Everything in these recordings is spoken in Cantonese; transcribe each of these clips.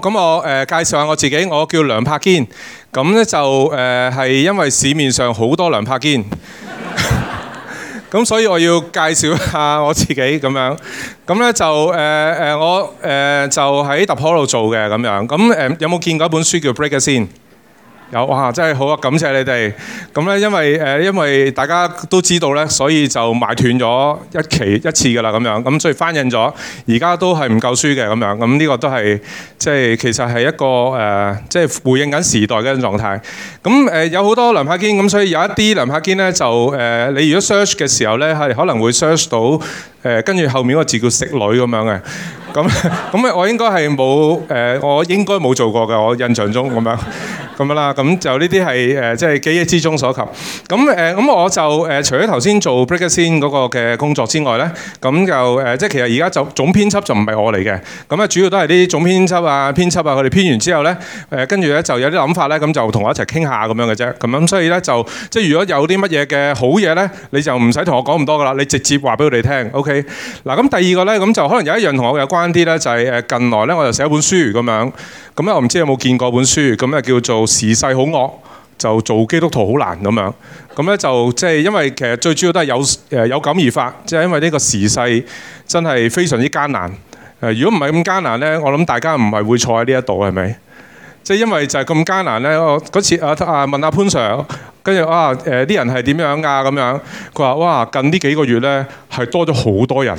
咁我誒、呃、介紹下我自己，我叫梁柏堅，咁咧就誒係、呃、因為市面上好多梁柏堅，咁 所以我要介紹下我自己咁樣，咁咧就誒誒、呃、我誒、呃、就喺突破度做嘅咁樣，咁誒有冇見過本書叫 Breaker 先？有哇，真係好啊！感謝你哋。咁咧，因為誒，因為大家都知道咧，所以就買斷咗一期一次噶啦，咁樣。咁所以翻印咗，而家都係唔夠書嘅咁樣。咁呢個都係即係其實係一個誒，即係回應緊時代嗰種狀態。咁誒有好多梁栢堅咁，所以有一啲梁栢堅咧就誒，你如果 search 嘅時候咧係可能會 search 到誒，跟住後面嗰個字叫食女咁樣嘅。咁咁我應該係冇誒，我應該冇做過嘅。我印象中咁樣。咁樣啦，咁就呢啲係誒，即係記憶之中所及。咁誒，咁我就誒，除咗頭先做 Breaker Scene 嗰個嘅工作之外咧，咁就誒，即係其實而家就總編輯就唔係我嚟嘅。咁咧，主要都係啲總編輯啊、編輯啊，佢哋編完之後咧，誒跟住咧就有啲諗法咧，咁就同我一齊傾下咁樣嘅啫。咁樣，所以咧就即係如果有啲乜嘢嘅好嘢咧，你就唔使同我講咁多噶啦，你直接話俾佢哋聽。OK。嗱，咁第二個咧，咁就可能有一樣同我有關啲咧，就係誒近來咧，我就寫本書咁樣。咁咧，我唔知有冇見過本書，咁啊叫做。時勢好惡，就做基督徒好難咁樣。咁咧就即係因為其實最主要都係有誒有感而發，即係因為呢個時勢真係非常之艱難。誒，如果唔係咁艱難咧，我諗大家唔係會坐喺呢一度係咪？即係因為就係咁艱難咧。我嗰次啊啊問阿潘 sir，跟住哇誒啲人係點樣啊咁樣？佢話哇近呢幾個月咧係多咗好多人。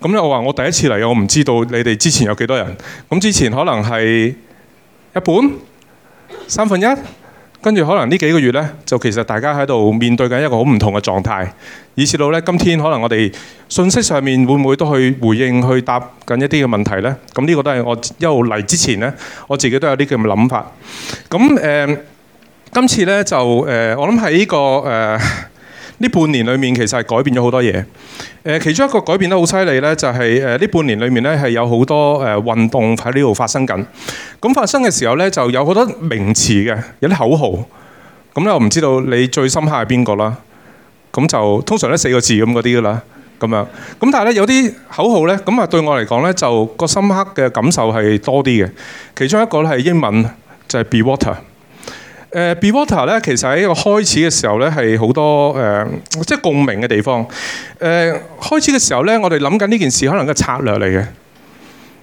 咁咧我話我第一次嚟，我唔知道你哋之前有幾多人。咁之前可能係一本，三分一，跟住可能呢幾個月呢，就其實大家喺度面對緊一個好唔同嘅狀態，以至到呢，今天可能我哋信息上面會唔會都去回應、去答緊一啲嘅問題呢？咁、這、呢個都係我一路嚟之前呢，我自己都有啲咁嘅諗法。咁誒、呃，今次呢，就誒、呃，我諗喺呢個誒。呃呢半年裏面其實係改變咗好多嘢，誒，其中一個改變得好犀利咧，就係誒呢半年裏面咧係有好多誒運動喺呢度發生緊。咁發生嘅時候咧，就有好多名詞嘅，有啲口號。咁咧，我唔知道你最深刻係邊個啦。咁就通常咧四個字咁嗰啲啦，咁樣。咁但係咧有啲口號咧，咁啊對我嚟講咧就個深刻嘅感受係多啲嘅。其中一個咧係英文就係 Be Water。誒 Be Water 咧，Be Water，其實喺個開始嘅時候咧，係好多誒、呃，即係共鳴嘅地方。誒、呃、開始嘅時候咧，我哋諗緊呢件事可能係一個策略嚟嘅，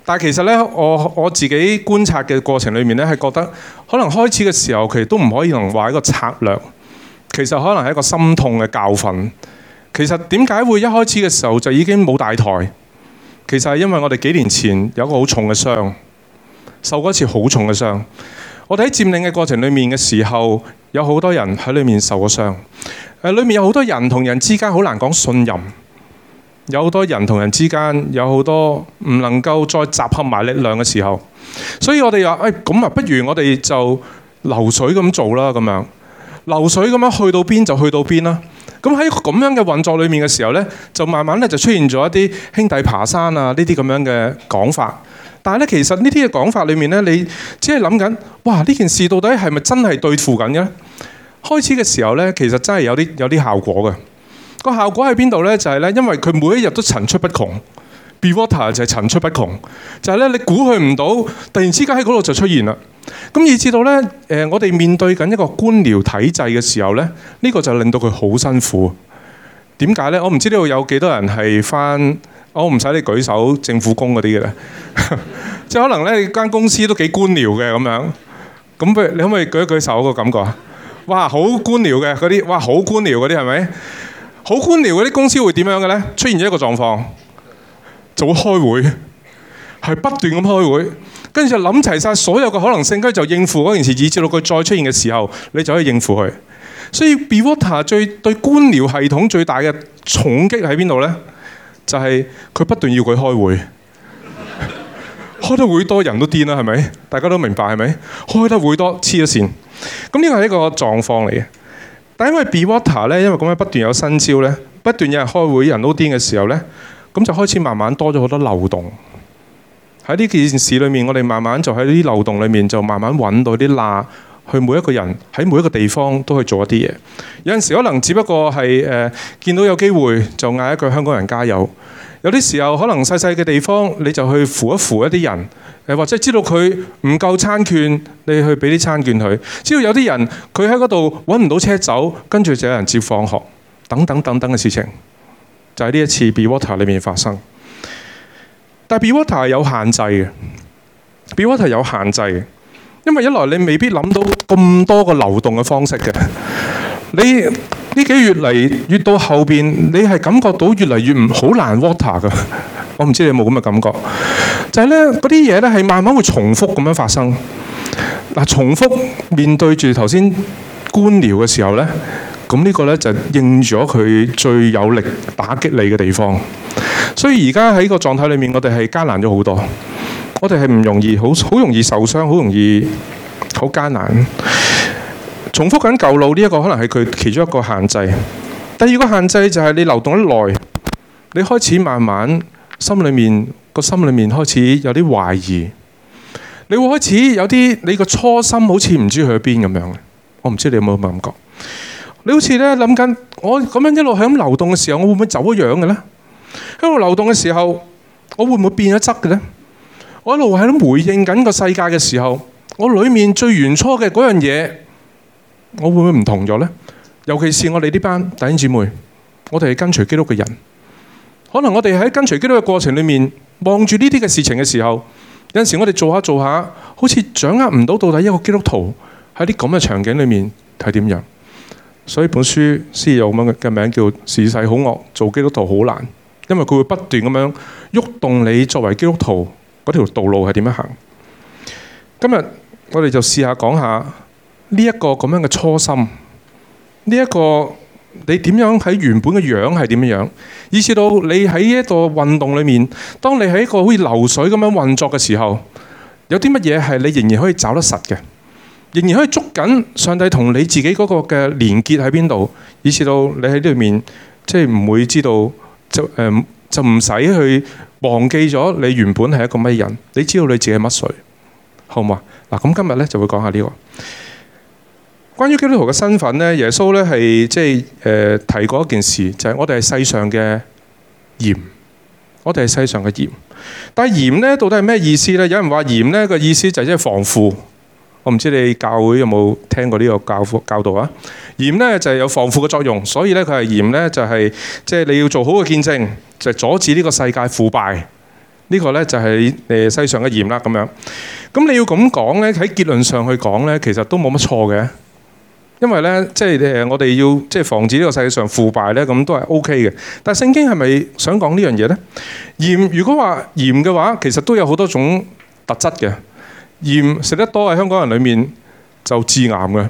但係其實咧，我我自己觀察嘅過程裡面咧，係覺得可能開始嘅時候其實都唔可以同話一個策略，其實可能係一個心痛嘅教訓。其實點解會一開始嘅時候就已經冇大台？其實係因為我哋幾年前有一個好重嘅傷，受過一次好重嘅傷。我哋喺佔領嘅過程裏面嘅時候，有好多人喺裏面受過傷。誒，裏面有好多人同人之間好難講信任，有好多人同人之間有好多唔能夠再集合埋力量嘅時候，所以我哋話：誒、哎，咁啊，不如我哋就流水咁做啦，咁樣流水咁樣去到邊就去到邊啦。咁喺咁樣嘅運作裏面嘅時候呢，就慢慢咧就出現咗一啲兄弟爬山啊呢啲咁樣嘅講法。但係咧，其實呢啲嘅講法裏面咧，你只係諗緊，哇！呢件事到底係咪真係對付緊嘅咧？開始嘅時候咧，其實真係有啲有啲效果嘅。個效果喺邊度咧？就係咧，因為佢每一日都層出不窮，Be Water 就係層出不窮，就係咧你估佢唔到，突然之間喺嗰度就出現啦。咁以至到咧，誒、呃、我哋面對緊一個官僚體制嘅時候咧，呢個就令到佢好辛苦。點解咧？我唔知呢度有幾多人係翻。我唔使你舉手，政府工嗰啲嘅啦，即係可能咧，你間公司都幾官僚嘅咁樣，咁佢你可唔可以舉一舉手個感覺啊？哇，好官僚嘅嗰啲，哇，好官僚嗰啲係咪？好官僚嗰啲公司會點樣嘅咧？出現一個狀況就會開會，係不斷咁開會，跟住就諗齊晒所有嘅可能性，跟住就應付嗰件事，以致到佢再出現嘅時候，你就可以應付佢。所以 Be Water 最對官僚系統最大嘅重擊喺邊度咧？就係佢不斷要佢開會， 開得會多人都癲啦，係咪？大家都明白係咪？開得會多黐咗線，咁呢個係一個狀況嚟嘅。但係因為 Be Water 咧，因為咁樣不斷有新招咧，不斷有人開會，人都癲嘅時候咧，咁就開始慢慢多咗好多漏洞。喺呢件事裏面，我哋慢慢就喺呢啲漏洞裏面就慢慢揾到啲罅。去每一個人喺每一個地方都去做一啲嘢，有陣時可能只不過係誒、呃、見到有機會就嗌一句香港人加油。有啲時候可能細細嘅地方你就去扶一扶一啲人，誒、呃、或者知道佢唔夠餐券，你去俾啲餐券佢。知道有啲人佢喺嗰度揾唔到車走，跟住就有人接放學，等等等等嘅事情，就喺呢一次 Be Water 裏面發生。但 Be Water 係有限制嘅，Be Water 有限制嘅。因為一來你未必諗到咁多個流動嘅方式嘅，你呢幾月嚟越到後面，你係感覺到越嚟越唔好難 water 嘅。我唔知你有冇咁嘅感覺？就係咧嗰啲嘢咧係慢慢會重複咁樣發生。嗱，重複面對住頭先官僚嘅時候咧，咁呢個咧就應咗佢最有力打擊你嘅地方。所以而家喺個狀態裡面，我哋係艱難咗好多。我哋係唔容易，好好容易受傷，好容易，好艱難。重複緊舊路呢一個可能係佢其中一個限制。第二個限制就係你流動得耐，你開始慢慢心裏面個心裏面開始有啲懷疑。你會開始有啲你個初心好似唔知去咗邊咁樣嘅。我唔知你有冇咁嘅感覺。你好似咧諗緊，我咁樣一路喺流動嘅時候，我會唔會走一樣嘅咧？喺度流動嘅時候，我會唔會變咗質嘅咧？我一路喺度回應緊個世界嘅時候，我裏面最原初嘅嗰樣嘢，我會唔會唔同咗咧？尤其是我哋呢班弟兄姊妹，我哋係跟隨基督嘅人，可能我哋喺跟隨基督嘅過程裏面，望住呢啲嘅事情嘅時候，有陣時我哋做下做下，好似掌握唔到到底一個基督徒喺啲咁嘅場景裏面係點樣。所以本書先有咁樣嘅嘅名叫《事世好惡，做基督徒好難》，因為佢會不斷咁樣喐動你作為基督徒，嗰條道路係點樣行？今日我哋就試下講下呢一個咁樣嘅初心，呢一個你點樣喺原本嘅樣係點樣？以至到你喺呢一個運動裏面，當你喺一個好似流水咁樣運作嘅時候，有啲乜嘢係你仍然可以找得實嘅，仍然可以捉緊上帝同你自己嗰個嘅連結喺邊度？以至到你喺呢度面，即係唔會知道就誒就唔使去。忘記咗你原本係一個乜人？你知道你自己係乜水，好唔好啊？嗱，咁今日咧就會講下呢個關於基督徒嘅身份咧。耶穌咧係即係誒提過一件事，就係我哋係世上嘅鹽，我哋係世上嘅鹽。但係鹽咧到底係咩意思咧？有人話鹽咧個意思就係即係防腐。我唔知你教會有冇聽過呢個教教導啊？鹽咧就係有防腐嘅作用，所以咧佢係鹽咧就係即係你要做好嘅見證，就係阻止呢個世界腐敗。呢個咧就係誒世上嘅鹽啦咁樣。咁你要咁講咧，喺結論上去講咧，其實都冇乜錯嘅。因為咧即係誒我哋要即係防止呢個世界上腐敗咧，咁都係 OK 嘅。但係聖經係咪想講呢樣嘢咧？鹽如果話鹽嘅話，其實都有好多種特質嘅。鹽食得多喺香港人裏面就致癌嘅，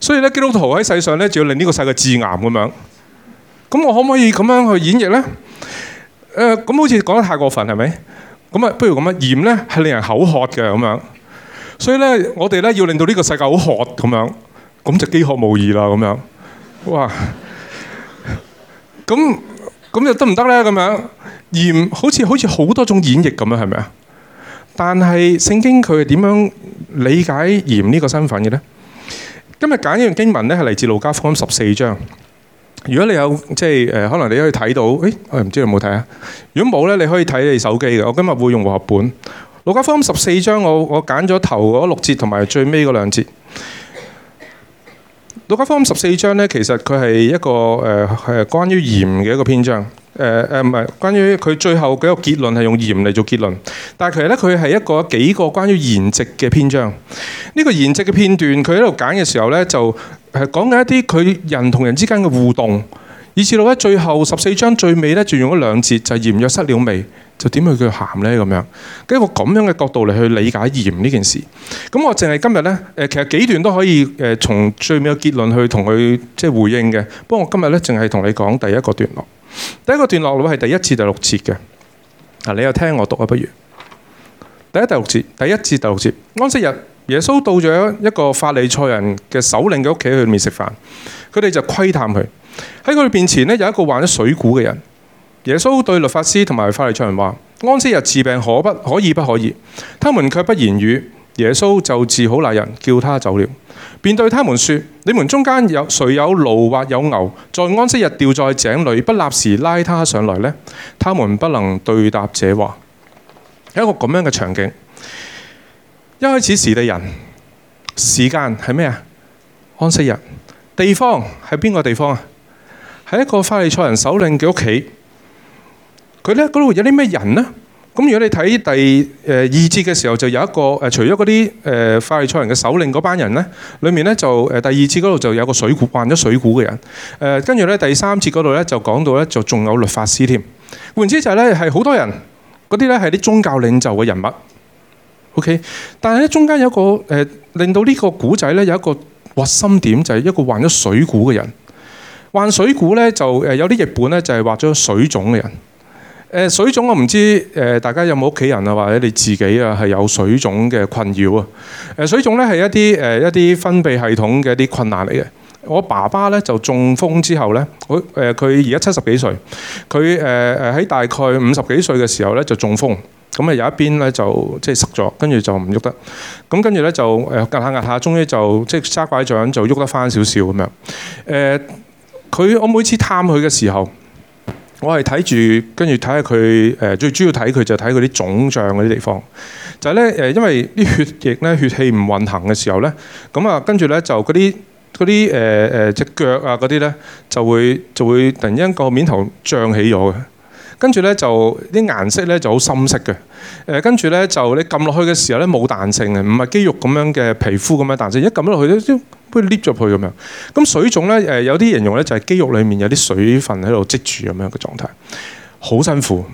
所以咧基督徒喺世上咧就要令呢個世界致癌咁樣。咁我可唔可以咁樣去演繹咧？誒、呃，咁好似講得太過分係咪？咁啊，不如咁樣，鹽咧係令人口渴嘅咁樣。所以咧，我哋咧要令到呢個世界好渴咁樣，咁就飢渴慕義啦咁樣。哇！咁咁又得唔得咧？咁樣鹽好似好似好多種演繹咁樣，係咪啊？但係聖經佢係點樣理解鹽呢個身份嘅咧？今日揀一樣經文咧係嚟自路加福音十四章。如果你有即係誒，可能你可以睇到，誒，我唔知你有冇睇啊。如果冇咧，你可以睇你手機嘅。我今日會用和合本路加福音十四章，我我揀咗頭嗰六節同埋最尾嗰兩節。路加福音十四章咧，其實佢係一個誒係關於鹽嘅一個篇章。誒誒，唔係、呃、關於佢最後嘅一個結論係用鹽嚟做結論，但係其實咧，佢係一個幾個關於鹽值嘅篇章。呢、呢個鹽值嘅片段，佢喺度揀嘅時候咧，就係講緊一啲佢人同人之間嘅互動，以至到咧最後十四章最尾咧，就用咗兩節就鹽若失了味，就點去叫鹹咧？咁樣經過咁樣嘅角度嚟去理解鹽呢件事。咁我淨係今日咧，誒其實幾段都可以誒從最尾嘅結論去同佢即係回應嘅。不過我今日咧，淨係同你講第一個段落。第一個段落，我係第一至、第六節嘅，嗱，你又聽我讀啊，不如第一第六節，第一至、第六節。安息日，耶穌到咗一個法利賽人嘅首領嘅屋企去裏面食飯，佢哋就窺探佢喺佢面前呢，有一個患咗水蠱嘅人，耶穌對律法師同埋法利賽人話：安息日治病可不可以？不可以，他們却不言語。耶穌就治好那人，叫他走了，便對他們說：你們中間有誰有驢或有牛，在安息日掉在井裏，不立時拉他上來呢？他們不能對答這話。一個咁樣嘅場景，一開始時嘅人，時間係咩啊？安息日，地方係邊個地方啊？係一個法利賽人首領嘅屋企。佢呢嗰度有啲咩人呢？咁如果你睇第誒二節嘅時候，就有一個誒，除咗嗰啲誒法利賽人嘅首領嗰班人咧，裡面咧就誒第二節嗰度就有個水臌患咗水臌嘅人。誒跟住咧第三節嗰度咧就講到咧就仲有律法師添。換言之就咧係好多人嗰啲咧係啲宗教領袖嘅人物。OK，但係咧中間有個誒、呃、令到呢個古仔咧有一個核心點就係、是、一個患咗水臌嘅人。患水臌咧就誒有啲譯本咧就係患咗水腫嘅人。誒水腫我唔知誒，大家有冇屋企人啊，或者你自己啊係有水腫嘅困擾啊？誒水腫咧係一啲誒一啲分泌系統嘅一啲困難嚟嘅。我爸爸咧就中風之後咧，誒佢而家七十幾歲，佢誒誒喺大概五十幾歲嘅時候咧就中風，咁啊有一邊咧就即係塞咗，跟住就唔喐得，咁跟住咧就誒壓下壓下，終於就即係揸拐杖就喐得翻少少咁樣。誒佢我每次探佢嘅時候。我係睇住，跟住睇下佢，最主要睇佢就睇佢啲腫脹嗰啲地方。就係呢，誒，因為啲血液呢，血氣唔運行嘅時候呢，咁啊跟住呢，就嗰啲嗰啲誒誒隻腳啊嗰啲呢，就會就會突然間個面頭脹起咗嘅，跟住呢，就啲顏色呢，就好深色嘅。誒，跟住咧就你撳落去嘅時候咧冇彈性嘅，唔係肌肉咁樣嘅皮膚咁樣彈性，一撳落去咧都都黏咗去咁樣。咁水腫咧，誒有啲形容咧就係肌肉裏面有啲水分喺度積住咁樣嘅狀態，好辛苦。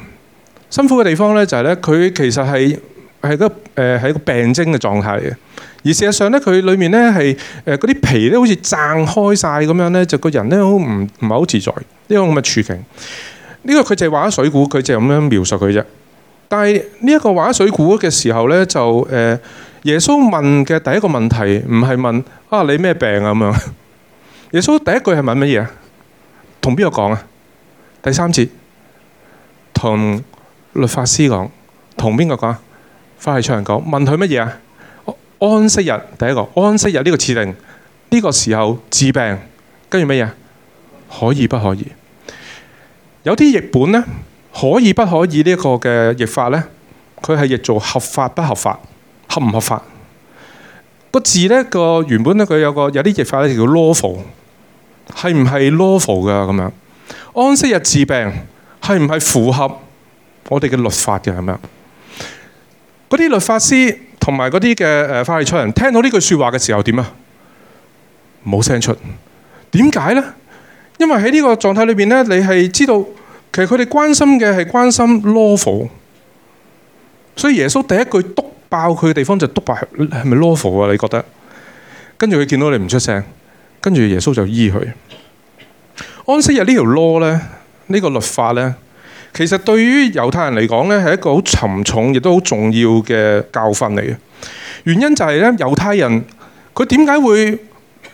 辛苦嘅地方咧就係、是、咧，佢其實係係個誒係、呃、個病徵嘅狀態嚟嘅。而事實上咧，佢裏面咧係誒嗰啲皮咧好似撐開晒咁樣咧，就個人咧好唔唔係好自在，呢、這個咁嘅處境。呢個佢淨係畫咗水滸，佢淨係咁樣描述佢啫。但係呢一個患水臌嘅時候咧，就誒耶穌問嘅第一個問題唔係問啊，你咩病啊咁樣？ 耶穌第一句係問乜嘢啊？同邊個講啊？第三節同律法師講，同邊個講？法利賽人講，問佢乜嘢啊？安息日第一個安息日呢個指令呢個時候治病，跟住乜嘢？可以不可以？有啲譯本咧。可以不可以呢一個嘅譯法咧？佢係譯做合法不合法，合唔合法？個字咧個原本咧佢有個有啲譯法咧叫做 lawful，係唔係 lawful 噶咁樣？安息日治病係唔係符合我哋嘅律法嘅咁樣？嗰啲律法師同埋嗰啲嘅誒法律出人聽到呢句說話嘅時候點啊？冇聲出，點解咧？因為喺呢個狀態裏邊咧，你係知道。其實佢哋關心嘅係關心 lawful，所以耶穌第一句篤爆佢嘅地方就篤爆，係咪 lawful 啊？你覺得？跟住佢見到你唔出聲，跟住耶穌就醫佢。安息日呢條 law 咧，呢個律法咧，其實對於猶太人嚟講咧，係一個好沉重亦都好重要嘅教訓嚟嘅。原因就係咧，猶太人佢點解會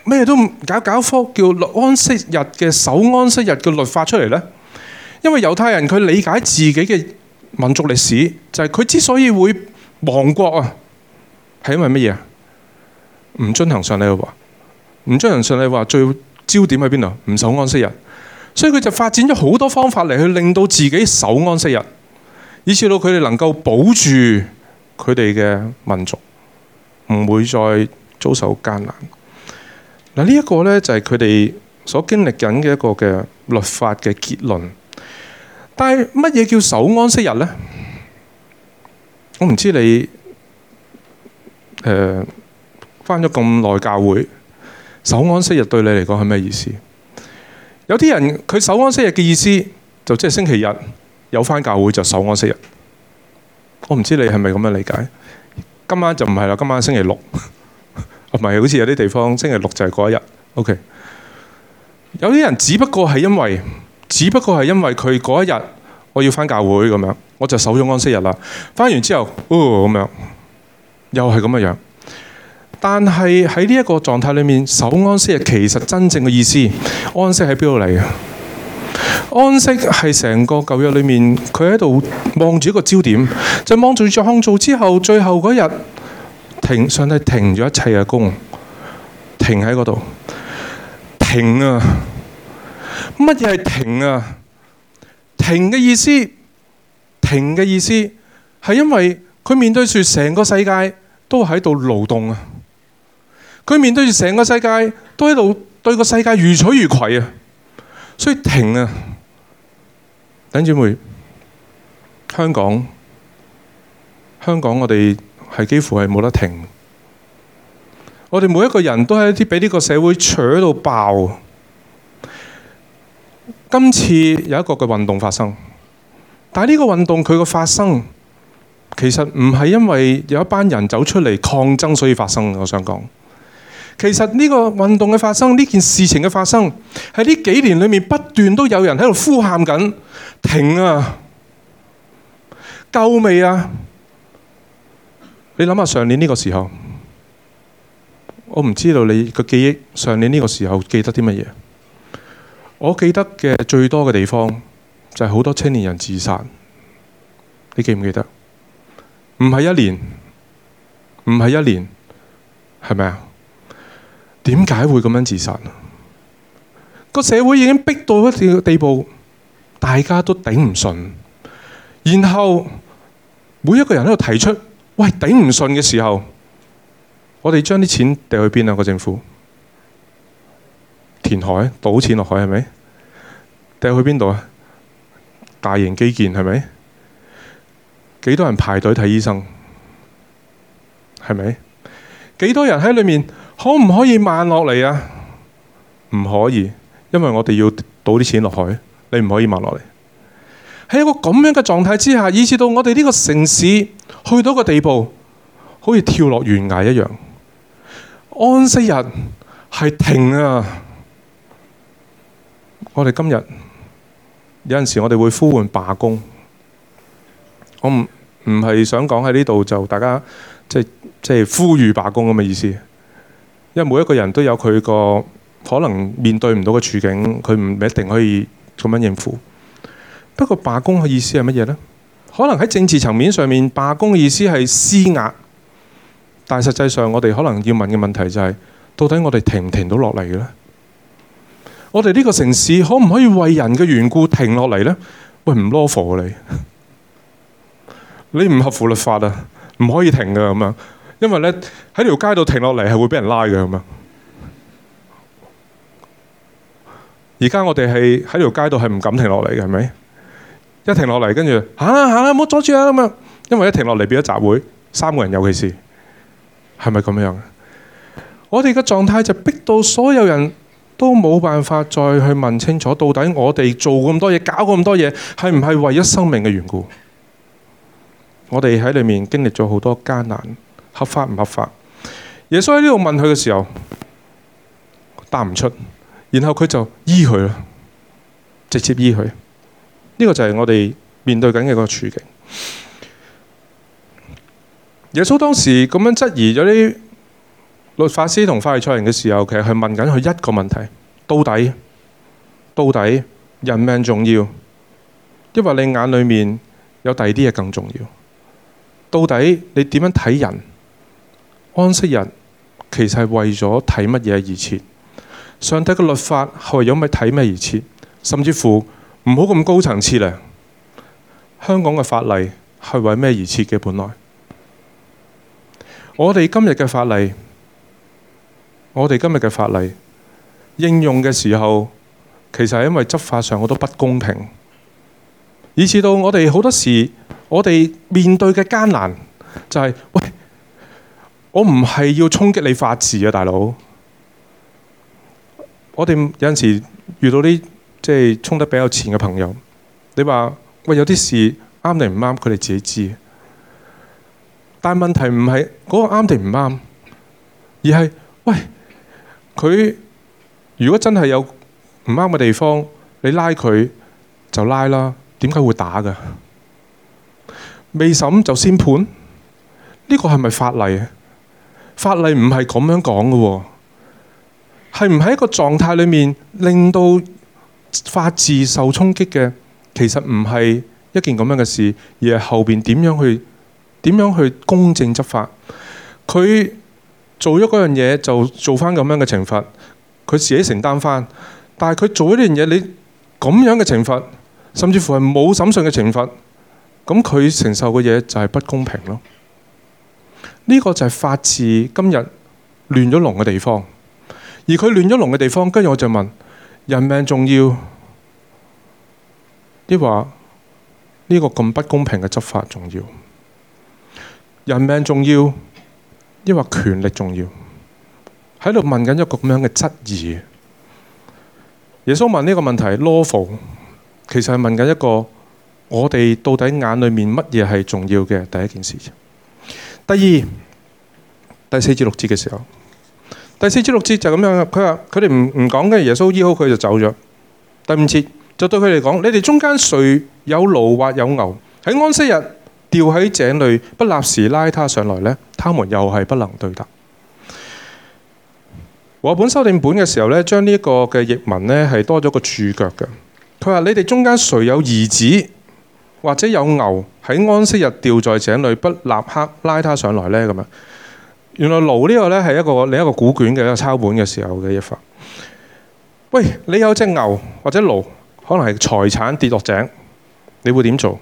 咩都唔搞搞科叫安息日嘅，守安息日嘅律法出嚟咧？因為猶太人佢理解自己嘅民族歷史，就係、是、佢之所以會亡國啊，係因為乜嘢啊？唔遵行上帝嘅話，唔遵行上帝話，最焦點喺邊度？唔守安息日，所以佢就發展咗好多方法嚟去令到自己守安息日，以至到佢哋能夠保住佢哋嘅民族，唔會再遭受艱難。嗱，呢一個呢，就係佢哋所經歷緊嘅一個嘅律法嘅結論。但係乜嘢叫守安息日咧？我唔知你，誒、呃，翻咗咁耐教會，守安息日對你嚟講係咩意思？有啲人佢守安息日嘅意思就即係星期日有翻教會就守安息日。我唔知你係咪咁樣理解？今晚就唔係啦，今晚星期六，唔 係，好似有啲地方星期六就係嗰一日。OK，有啲人只不過係因為。只不過係因為佢嗰一日我要翻教會咁樣，我就守咗安息日啦。翻完之後，哦咁樣，又係咁嘅樣。但係喺呢一個狀態裏面，守安息日其實真正嘅意思，安息喺邊度嚟嘅？安息係成個舊約裏面，佢喺度望住一個焦點，就望住創造之後，最後嗰日停，上帝停咗一切嘅工，停喺嗰度，停啊！乜嘢係停啊？停嘅意思，停嘅意思係因為佢面對住成個世界都喺度勞動啊！佢面對住成個世界都喺度對個世界如取如愧啊！所以停啊！等姐妹，妹，香港，香港我哋係幾乎係冇得停。我哋每一個人都係一啲俾呢個社會扯到爆。今次有一個嘅運動發生，但係呢個運動佢個發生，其實唔係因為有一班人走出嚟抗爭所以發生。我想講，其實呢個運動嘅發生，呢件事情嘅發生，喺呢幾年裏面不斷都有人喺度呼喊緊，停啊，夠未啊？你諗下上年呢個時候，我唔知道你個記憶上年呢個時候記得啲乜嘢。我記得嘅最多嘅地方就係好多青年人自殺，你記唔記得？唔係一年，唔係一年，係咪啊？點解會咁樣自殺？個社會已經逼到一個地步，大家都頂唔順。然後每一個人喺度提出：喂，頂唔順嘅時候，我哋將啲錢掟去邊啊？個政府。填海倒錢落海係咪？掟去邊度啊？大型基建係咪？幾多人排隊睇醫生？係咪？幾多人喺裏面？可唔可以慢落嚟啊？唔可以，因為我哋要倒啲錢落海，你唔可以慢落嚟。喺一個咁樣嘅狀態之下，以至到我哋呢個城市去到個地步，好似跳落懸崖一樣。安息日係停啊！我哋今日有陣時，我哋會呼喚罷工。我唔唔係想講喺呢度就大家即係即係呼籲罷工咁嘅意思，因為每一個人都有佢個可能面對唔到嘅處境，佢唔一定可以咁樣應付。不過罷工嘅意思係乜嘢咧？可能喺政治層面上面，罷工嘅意思係施壓。但係實際上，我哋可能要問嘅問題就係：到底我哋停唔停到落嚟嘅咧？我哋呢個城市可唔可以為人嘅緣故停落嚟呢？喂，唔囉嗦你， 你唔合乎律法啊，唔可以停噶咁啊！因為咧喺條街度停落嚟係會俾人拉嘅咁啊！而家我哋係喺條街度係唔敢停落嚟嘅，係咪？一停落嚟，跟住行啦行啦，唔好，啊啊，阻住啊咁啊！因為一停落嚟變咗集會，三個人尤其是，係咪咁樣啊？我哋嘅狀態就逼到所有人。都冇辦法再去問清楚，到底我哋做咁多嘢，搞咁多嘢，係唔係唯一生命嘅緣故？我哋喺裏面經歷咗好多艱難，合法唔合法？耶穌喺呢度問佢嘅時候，答唔出，然後佢就醫佢啦，直接醫佢。呢、呢個就係我哋面對緊嘅個處境。耶穌當時咁樣質疑咗啲律法師同法利賽人嘅時候，其實係問緊佢一個問題：到底，到底人命重要？因為你眼裏面有第二啲嘢更重要。到底你點樣睇人？安息日，其實係為咗睇乜嘢而設？上帝嘅律法係為咗睇乜而設？甚至乎唔好咁高層次咧。香港嘅法例係為咩而設嘅？本來我哋今日嘅法例。我哋今日嘅法例應用嘅時候，其實係因為執法上好多不公平，以至到我哋好多時，我哋面對嘅艱難就係、是，喂，我唔係要衝擊你法治啊，大佬。我哋有陣時遇到啲即係衝得比較前嘅朋友，你話喂，有啲事啱定唔啱，佢哋自己知。但係問題唔係嗰個啱定唔啱，而係喂。佢如果真係有唔啱嘅地方，你拉佢就拉啦。點解會打噶？未審就先判，呢個係咪法例啊？法例唔係咁樣講㗎喎，係唔係一個狀態裏面令到法治受衝擊嘅？其實唔係一件咁樣嘅事，而係後邊點樣去點樣去公正執法。佢。做咗嗰樣嘢就做翻咁樣嘅懲罰，佢自己承擔翻。但係佢做咗呢樣嘢，你咁樣嘅懲罰，甚至乎係冇審訊嘅懲罰，咁佢承受嘅嘢就係不公平咯。呢、這個就係法治今日亂咗龍嘅地方，而佢亂咗龍嘅地方，跟住我就問：人命重要？抑或呢個咁不公平嘅執法重要？人命重要？抑或權力重要，喺度問緊一個咁樣嘅質疑。耶穌問呢個問題，lawful 其實係問緊一個我哋到底眼裏面乜嘢係重要嘅第一件事情。第二、第四至六節嘅時候，第四至六節就咁樣，佢話佢哋唔唔講嘅，耶穌醫好佢就走咗。第五節就對佢哋講：，你哋中間誰有驢或有牛喺安息日？掉喺井裏，不立時拉他上來呢，他們又係不能對答。和本修訂本嘅時候呢，將呢一個嘅譯文呢係多咗個註腳嘅。佢話：你哋中間誰有兒子或者有牛喺安息日掉在井裏，不立刻拉他上來呢？」咁啊，原來驢呢個呢，係一個另一個古卷嘅一個抄本嘅時候嘅譯法。喂，你有隻牛或者驢，可能係財產跌落井，你會點做？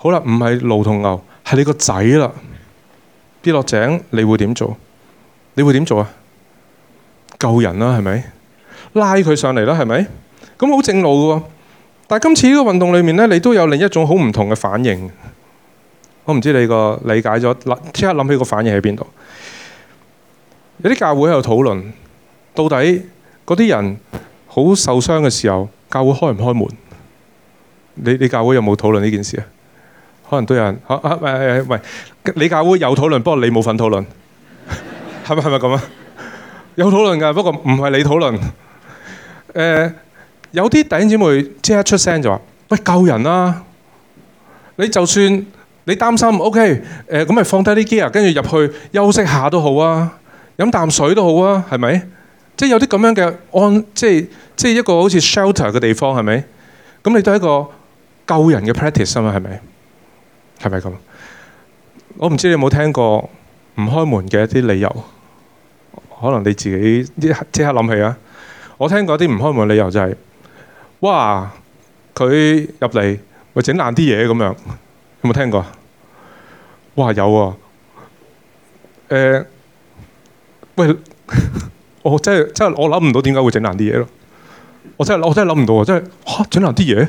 好啦，唔係驢同牛，係你個仔啦。跌落井你會點做？你會點做啊？救人啦，係咪？拉佢上嚟啦，係咪？咁好正路嘅，但係今次呢個運動裏面呢，你都有另一種好唔同嘅反應。我唔知你個理解咗，立刻諗起個反應喺邊度？有啲教會喺度討論，到底嗰啲人好受傷嘅時候，教會開唔開門？你你教會有冇討論呢件事啊？可能都有人嚇嚇，誒，唔係李教會有討論，不過你冇份討論，係咪，係咪咁啊？有討論㗎，不過唔係你討論。誒、呃、有啲弟兄姊妹即係一出聲就話：喂，救人啦、啊！你就算你擔心，OK，誒咁咪放低啲 gear 啊，跟住入去休息下都好啊，飲啖水都好啊，係咪？即係有啲咁樣嘅安，即係即係一個好似 shelter 嘅地方，係咪？咁你都係一個救人嘅 practice 啊嘛，係咪？係咪咁？我唔知你有冇聽過唔開門嘅一啲理由，可能你自己即刻諗起啊！我聽過一啲唔開門嘅理由就係：哇，佢入嚟咪整爛啲嘢咁樣，有冇聽過？哇，有啊！誒，喂， 我真係真係我諗唔到點解會整爛啲嘢咯！我真係我真係諗唔到啊！真係，吓，整爛啲嘢。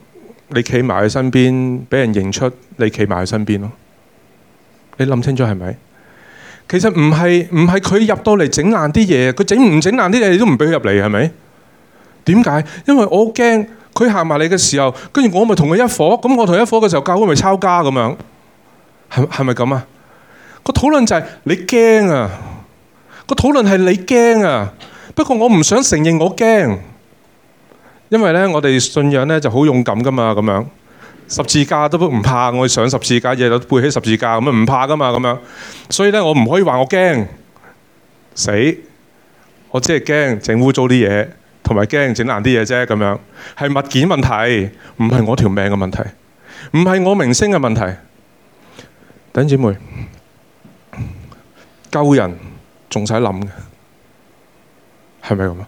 你企埋佢身邊，俾人認出你企埋佢身邊咯。你諗清楚係咪？其實唔係唔係佢入到嚟整爛啲嘢，佢整唔整爛啲嘢你都唔俾佢入嚟係咪？點解？因為我好驚佢行埋嚟嘅時候，跟住我咪同佢一夥，咁我同一夥嘅時候教會咪抄家咁樣。係係咪咁啊？個討論就係你驚啊。個討論係你驚啊。不過我唔想承認我驚。因為咧，我哋信仰咧就好勇敢噶嘛，咁樣十字架都唔怕，我們上十字架，日日背起十字架，咁啊唔怕噶嘛，咁樣，所以咧我唔可以話我驚死，我只係驚整污糟啲嘢，同埋驚整爛啲嘢啫，咁樣係物件問題，唔係我條命嘅問題，唔係我名聲嘅問題，弟兄姊妹，救人仲使諗嘅，係咪咁啊？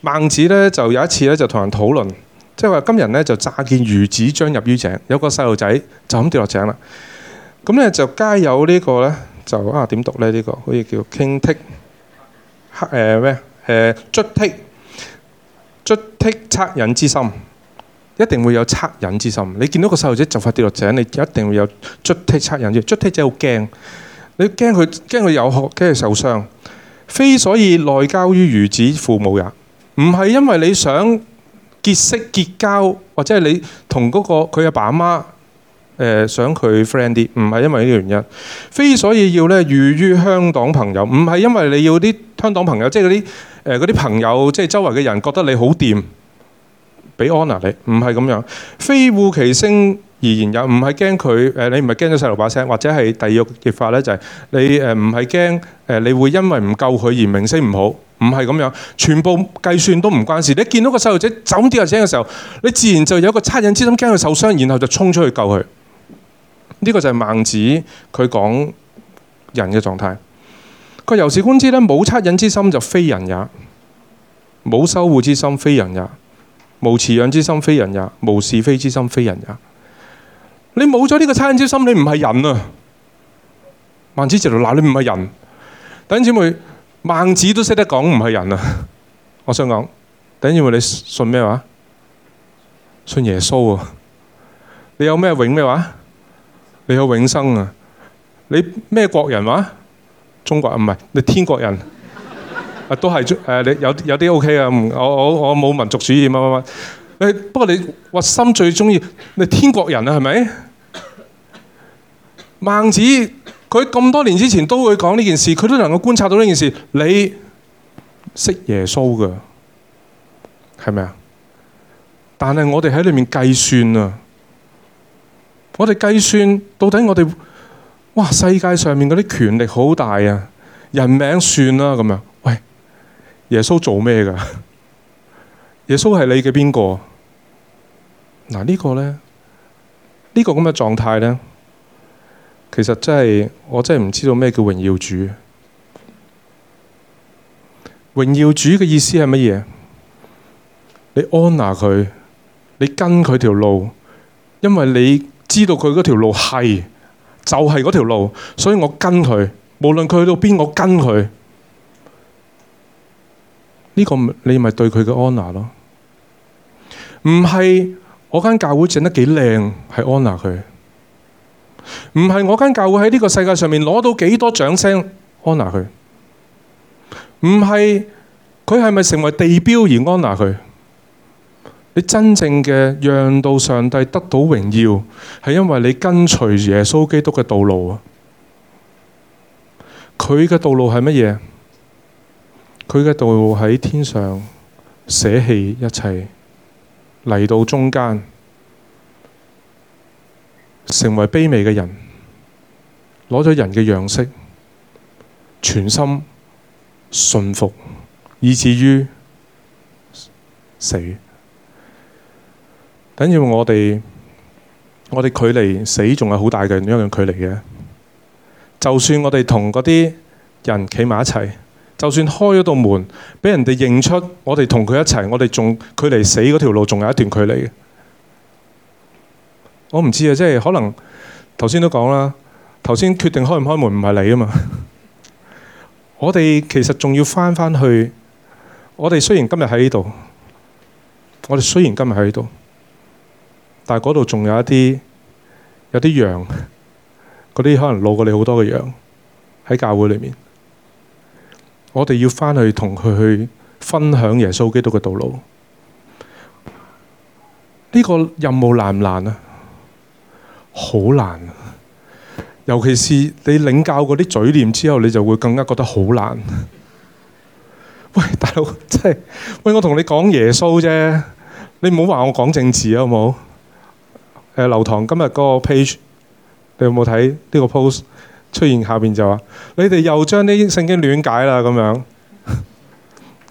孟子咧就有一次咧就同人討論，即係話今日咧就乍見孺子將入於井，有個細路仔就咁跌落井啦。咁咧就皆有個呢，、啊呢呢個咧就啊點讀咧？呢個好似叫傾剔黑，咩，誒捽剔捽剔，惻隱之心，一定會有惻隱之心。你見到個細路仔就快跌落井，你一定會有捽剔惻隱嘅捽剔，即係好驚。你驚佢驚佢有可驚佢受傷，非所以內交於孺子父母也。唔係因為你想結識結交，或者係你同嗰個佢阿爸阿媽誒想佢 friend 啲，唔係因為呢個原因。非所以要咧譽於香港朋友，唔係因為你要啲香港朋友，即係嗰啲誒嗰啲朋友，即係周圍嘅人覺得你好掂，俾 honour 你，唔係咁樣。非惡其聲而然也，唔係驚佢誒，你唔係驚咗細路把聲，或者係第二個譯法咧，就係你誒唔係驚誒你會因為唔救佢而名聲唔好。唔係咁樣，全部計算都唔關事。你見到個細路仔走跌入井嘅時候，你自然就有個惻隱之心，驚佢受傷，然後就衝出去救佢。呢、這個就係孟子佢講人嘅狀態。個由是觀之咧，冇惻隱之心就非人也，冇羞惡之心非人也，無辭讓之心,非人,讓之心非人也，無是非之心非人也。你冇咗呢個惻隱之心，你唔係人啊！孟子直頭鬧：嗱，你唔係人。弟兄姐妹。孟子都識得講唔係人啊！我想講，等於你信咩話？信耶穌啊！你有咩永咩話？你有永生啊！你咩國人話，啊？中國唔係你天國人啊！都係誒，你有有啲 OK 啊！我我我冇民族主義乜乜乜。誒，不過你核心最中意你天國人啊，係咪？孟子。佢咁多年之前都會講呢件事，佢都能夠觀察到呢件事。你識耶穌㗎，係咪啊？但係我哋喺裏面計算啊，我哋計算到底我哋，哇！世界上面嗰啲權力好大啊，人命算啦咁樣。喂，耶穌做咩㗎？耶穌係你嘅邊個？嗱、呢、呢個呢，呢、呢個咁嘅狀態呢。其實真係，我真係唔知道咩叫榮耀主。榮耀主嘅意思係乜嘢？你 honour 佢，你跟佢條路，因為你知道佢嗰條路係，就係、是、嗰條路，所以我跟佢，無論佢去到邊，我跟佢。呢、這個你咪對佢嘅 honour 咯，唔係我間教會整得幾靚，係 honour 佢。唔係我間教會喺呢個世界上面攞到幾多掌聲 honor 佢，唔係佢係咪成為地標而 honor 佢？你真正嘅讓到上帝得到榮耀，係因為你跟隨耶穌基督嘅道路啊！佢嘅道路係乜嘢？佢嘅道路喺天上捨棄一切嚟到中間。成為卑微嘅人，攞咗人嘅樣式，全心順服，以至於死。等於我哋，我哋距離死仲有好大嘅一段距離嘅。就算我哋同嗰啲人企埋一齊，就算開咗道門，畀人哋認出我哋同佢一齊，我哋仲距離死嗰條路仲有一段距離嘅。我唔知啊，即係可能頭先都講啦。頭先決定開唔開門唔係你啊嘛。 我哋其實仲要返返去。我哋雖然今日喺呢度，我哋雖然今日喺呢度，但係嗰度仲有一啲有啲羊，嗰 啲可能老過你好多嘅羊喺教會裏面。我哋要返去同佢去分享耶穌基督嘅道路。呢個任務難唔難啊？好難、啊，尤其是你領教嗰啲嘴臉之後，你就會更加覺得好難、啊 喂。喂，大佬，即係喂，我同你講耶穌啫，你唔好話我講政治啊，好冇？好？誒、呃，流堂今日嗰個 page，你有冇睇呢個 post 出現下邊就話，你哋又將啲聖經亂解啦咁樣，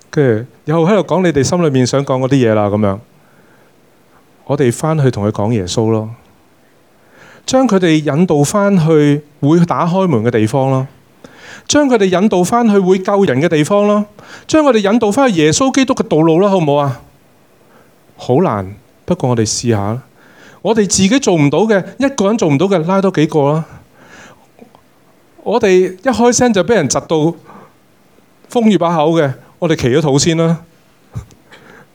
跟 住又喺度講你哋心裏面想講嗰啲嘢啦咁樣，我哋翻去同佢講耶穌咯，將佢哋引導翻去會打開門嘅地方咯，將佢哋引導翻去會救人嘅地方咯，將佢哋引導翻去耶穌基督嘅道路咯，好唔好啊？好難，不過我哋試下。我哋自己做唔到嘅，一個人做唔到嘅，拉多幾個啦。我哋一開聲就俾人窒到封住把口嘅，我哋祈禱先啦。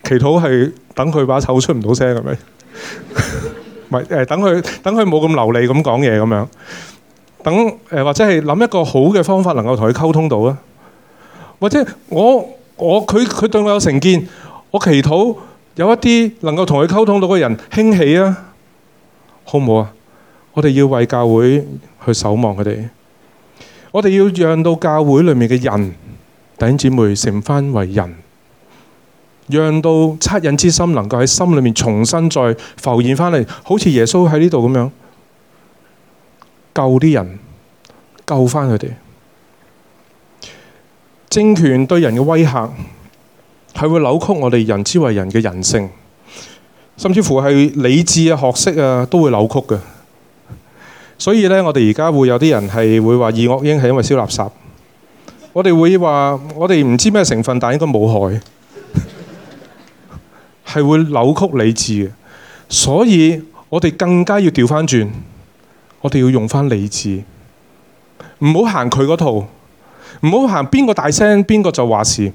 祈禱係等佢把口出唔到聲係咪？ 唔係誒，等佢等佢冇咁流利咁講嘢咁樣，等誒或者係諗一個好嘅方法，能夠同佢溝通到啊！或者我我佢佢對我有成見，我祈禱有一啲能夠同佢溝通到嘅人興起啊！好唔好啊？我哋要為教會去守望佢哋，我哋要讓到教會裡面嘅人弟兄姊妹成返為人。讓到惻隱之心能夠喺心裏面重新再浮現翻嚟，好似耶穌喺呢度咁樣救啲人，救翻佢哋。政權對人嘅威吓係會扭曲我哋人之為人嘅人性，甚至乎係理智啊、學識啊都會扭曲嘅。所以咧，我哋而家會有啲人係會話，二惡英係因為燒垃圾，我哋會話，我哋唔知咩成分，但係應該冇害。係會扭曲理智嘅，所以我哋更加要調翻轉，我哋要用翻理智，唔好行佢嗰套，唔好行邊個大聲邊個就話事，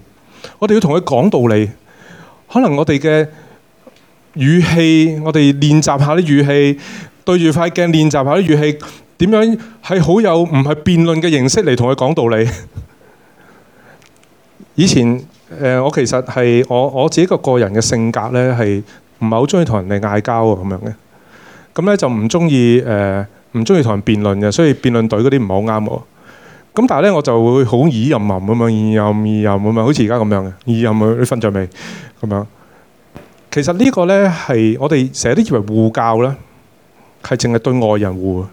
我哋要同佢講道理。可能我哋嘅語氣，我哋練習下啲語氣，對住塊鏡練習下啲語氣，點樣係好有，唔係辯論嘅形式嚟同佢講道理。以前。誒，我其實係我我自己個個人嘅性格咧，係唔係好中意同人哋嗌交啊咁樣嘅。咁咧就唔中意誒，唔中意同人辯論嘅，所以辯論隊嗰啲唔係好啱我。咁但係咧，我就會好耳吟吟咁樣，耳吟耳吟咁樣，好似而家咁樣嘅耳吟，你瞓着未？咁樣。其實呢個咧係我哋成日都以為護教咧，係淨係對外人護。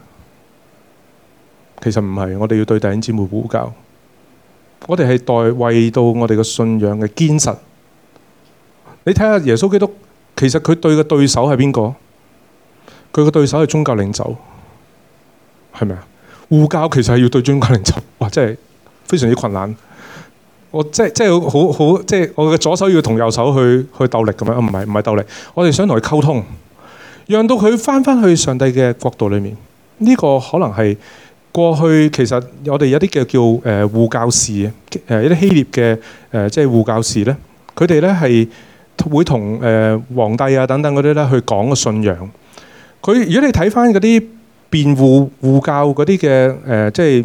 其實唔係，我哋要對弟兄姊妹護教。我哋係代為到我哋嘅信仰嘅堅實。你睇下耶穌基督，其實佢對嘅對手係邊個？佢嘅對手係宗教領袖，係咪啊？護教其實係要對宗教領袖，哇，真係非常之困難。我即係即係好好，即係我嘅左手要同右手去去鬥力咁樣，唔係唔係鬥力，我哋想同佢溝通，讓他回到佢翻翻去上帝嘅國度裏面。呢、這個可能係。過去其實我哋有啲嘅叫誒護、呃、教士啊，誒一啲希臘嘅誒、呃、即係護教士咧，佢哋咧係會同誒、呃、皇帝啊等等嗰啲咧去講個信仰。佢如果你睇翻嗰啲辯護護教嗰啲嘅誒，即係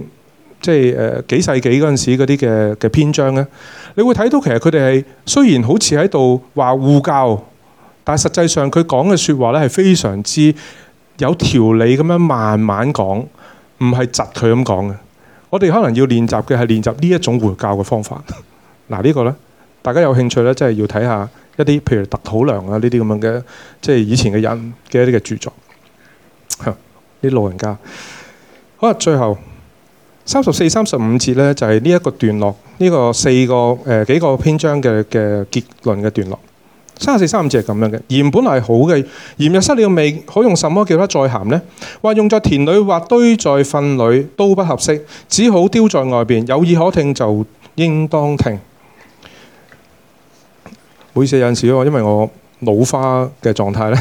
即係誒、呃、幾世紀嗰陣時嗰啲嘅嘅篇章咧，你會睇到其實佢哋係雖然好似喺度話護教，但係實際上佢講嘅説話咧係非常之有條理咁樣慢慢講。唔係窒佢咁講嘅，我哋可能要練習嘅係練習呢一種回教嘅方法。嗱、啊呢個、呢個咧，大家有興趣咧，即係要睇下一啲譬如特土良啊呢啲咁樣嘅，即係以前嘅人嘅一啲嘅著作，啲、啊、老人家。好啊，最後三十四、三十五節咧，就係呢一個段落，呢、呢個四個誒、呃、幾個篇章嘅嘅結論嘅段落。三四三五節，係咁樣嘅鹽，本來係好嘅鹽。若失了味，可用什麼叫做再鹹呢？或用在田裏或堆在糞裏都不合適，只好丟在外邊。有意可聽就應當聽。唔好意思，有陣時，因為我老花嘅狀態呢，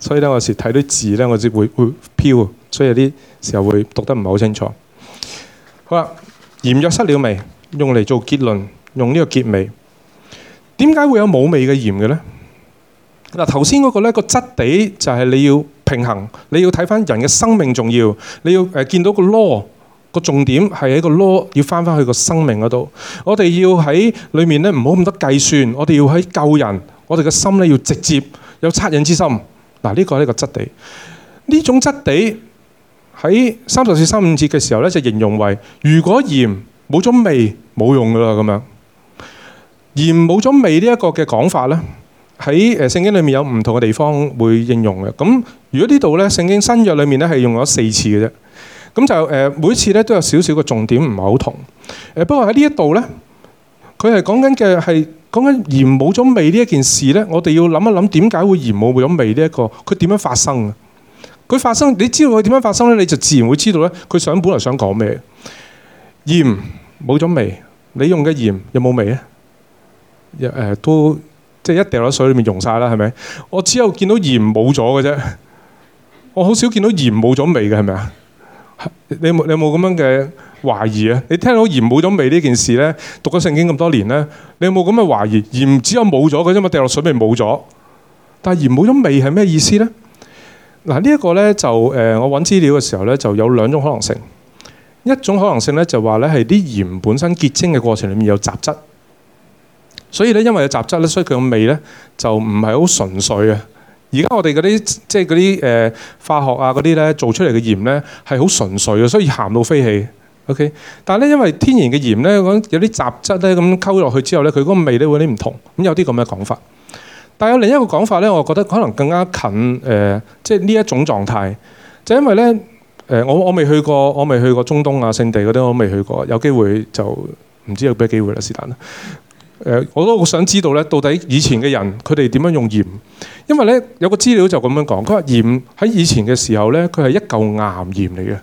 所以呢，我時睇啲字呢，我只會會飄，所以有啲時候會讀得唔係好清楚。好啦，鹽若失了味，用嚟做結論，用呢個結尾。點解會有冇味嘅鹽嘅呢？嗱，頭先嗰個咧，嗰個質地就係你要平衡，你要睇翻人嘅生命重要，你要誒、呃、見到個 law 個重點係喺個 law，要翻翻去個生命嗰度。我哋要喺裡面咧，唔好咁多計算，我哋要喺救人，我哋嘅心咧要直接有惻隱之心。嗱、啊，呢、呢個係一個質地，呢種質地喺三十四、三五節嘅時候咧，就形容為如果鹽冇咗味，冇用噶啦咁樣。鹽冇咗味呢一個嘅講法咧。喺誒聖經裏面有唔同嘅地方會應用嘅，咁如果呢度咧，聖經新約裏面咧係用咗四次嘅啫，咁就誒每次咧都有少少個重點唔係好同，誒不過喺呢一度咧，佢係講緊嘅係講緊鹽冇咗味呢一件事咧，我哋要諗一諗點解會鹽冇咗味呢一個，佢點樣發生啊？佢發生，你知道佢點樣發生咧，你就自然會知道咧，佢想本來想講咩？鹽冇咗味，你用嘅鹽有冇味啊？有誒都。即係一掉落水裏面溶晒啦，係咪？我只有見到鹽冇咗嘅啫。 我好少見到鹽冇咗味嘅，係咪啊？你有冇你有冇咁樣嘅懷疑啊？你聽到鹽冇咗味呢件事咧，讀咗聖經咁多年咧，你有冇咁嘅懷疑？鹽只有冇咗嘅啫嘛，掉落水咪冇咗。但係鹽冇咗味係咩意思咧？嗱、這個，呢一個咧就誒、呃，我揾資料嘅時候咧就有兩種可能性。一種可能性咧就話咧係啲鹽本身結晶嘅過程裏面有雜質。所以咧，因為有雜質咧，所以佢個味咧就唔係好純粹啊！而家我哋嗰啲即係嗰啲誒化學啊嗰啲咧做出嚟嘅鹽咧係好純粹嘅，所以鹹到飛起。OK，但係咧，因為天然嘅鹽咧，有啲雜質咧，咁溝落去之後咧，佢嗰個味咧會有啲唔同。咁有啲咁嘅講法，但係有另一個講法咧，我覺得可能更加近誒，即係呢一種狀態，就是、因為咧誒、呃，我我未去過，我未去過中東啊聖地嗰啲，我未去過，有機會就唔知有咩機會啦，是但啦。誒，我都好想知道咧，到底以前嘅人佢哋點樣用鹽？因為咧有個資料就咁樣講，佢話鹽喺以前嘅時候咧，佢係一嚿岩鹽嚟嘅。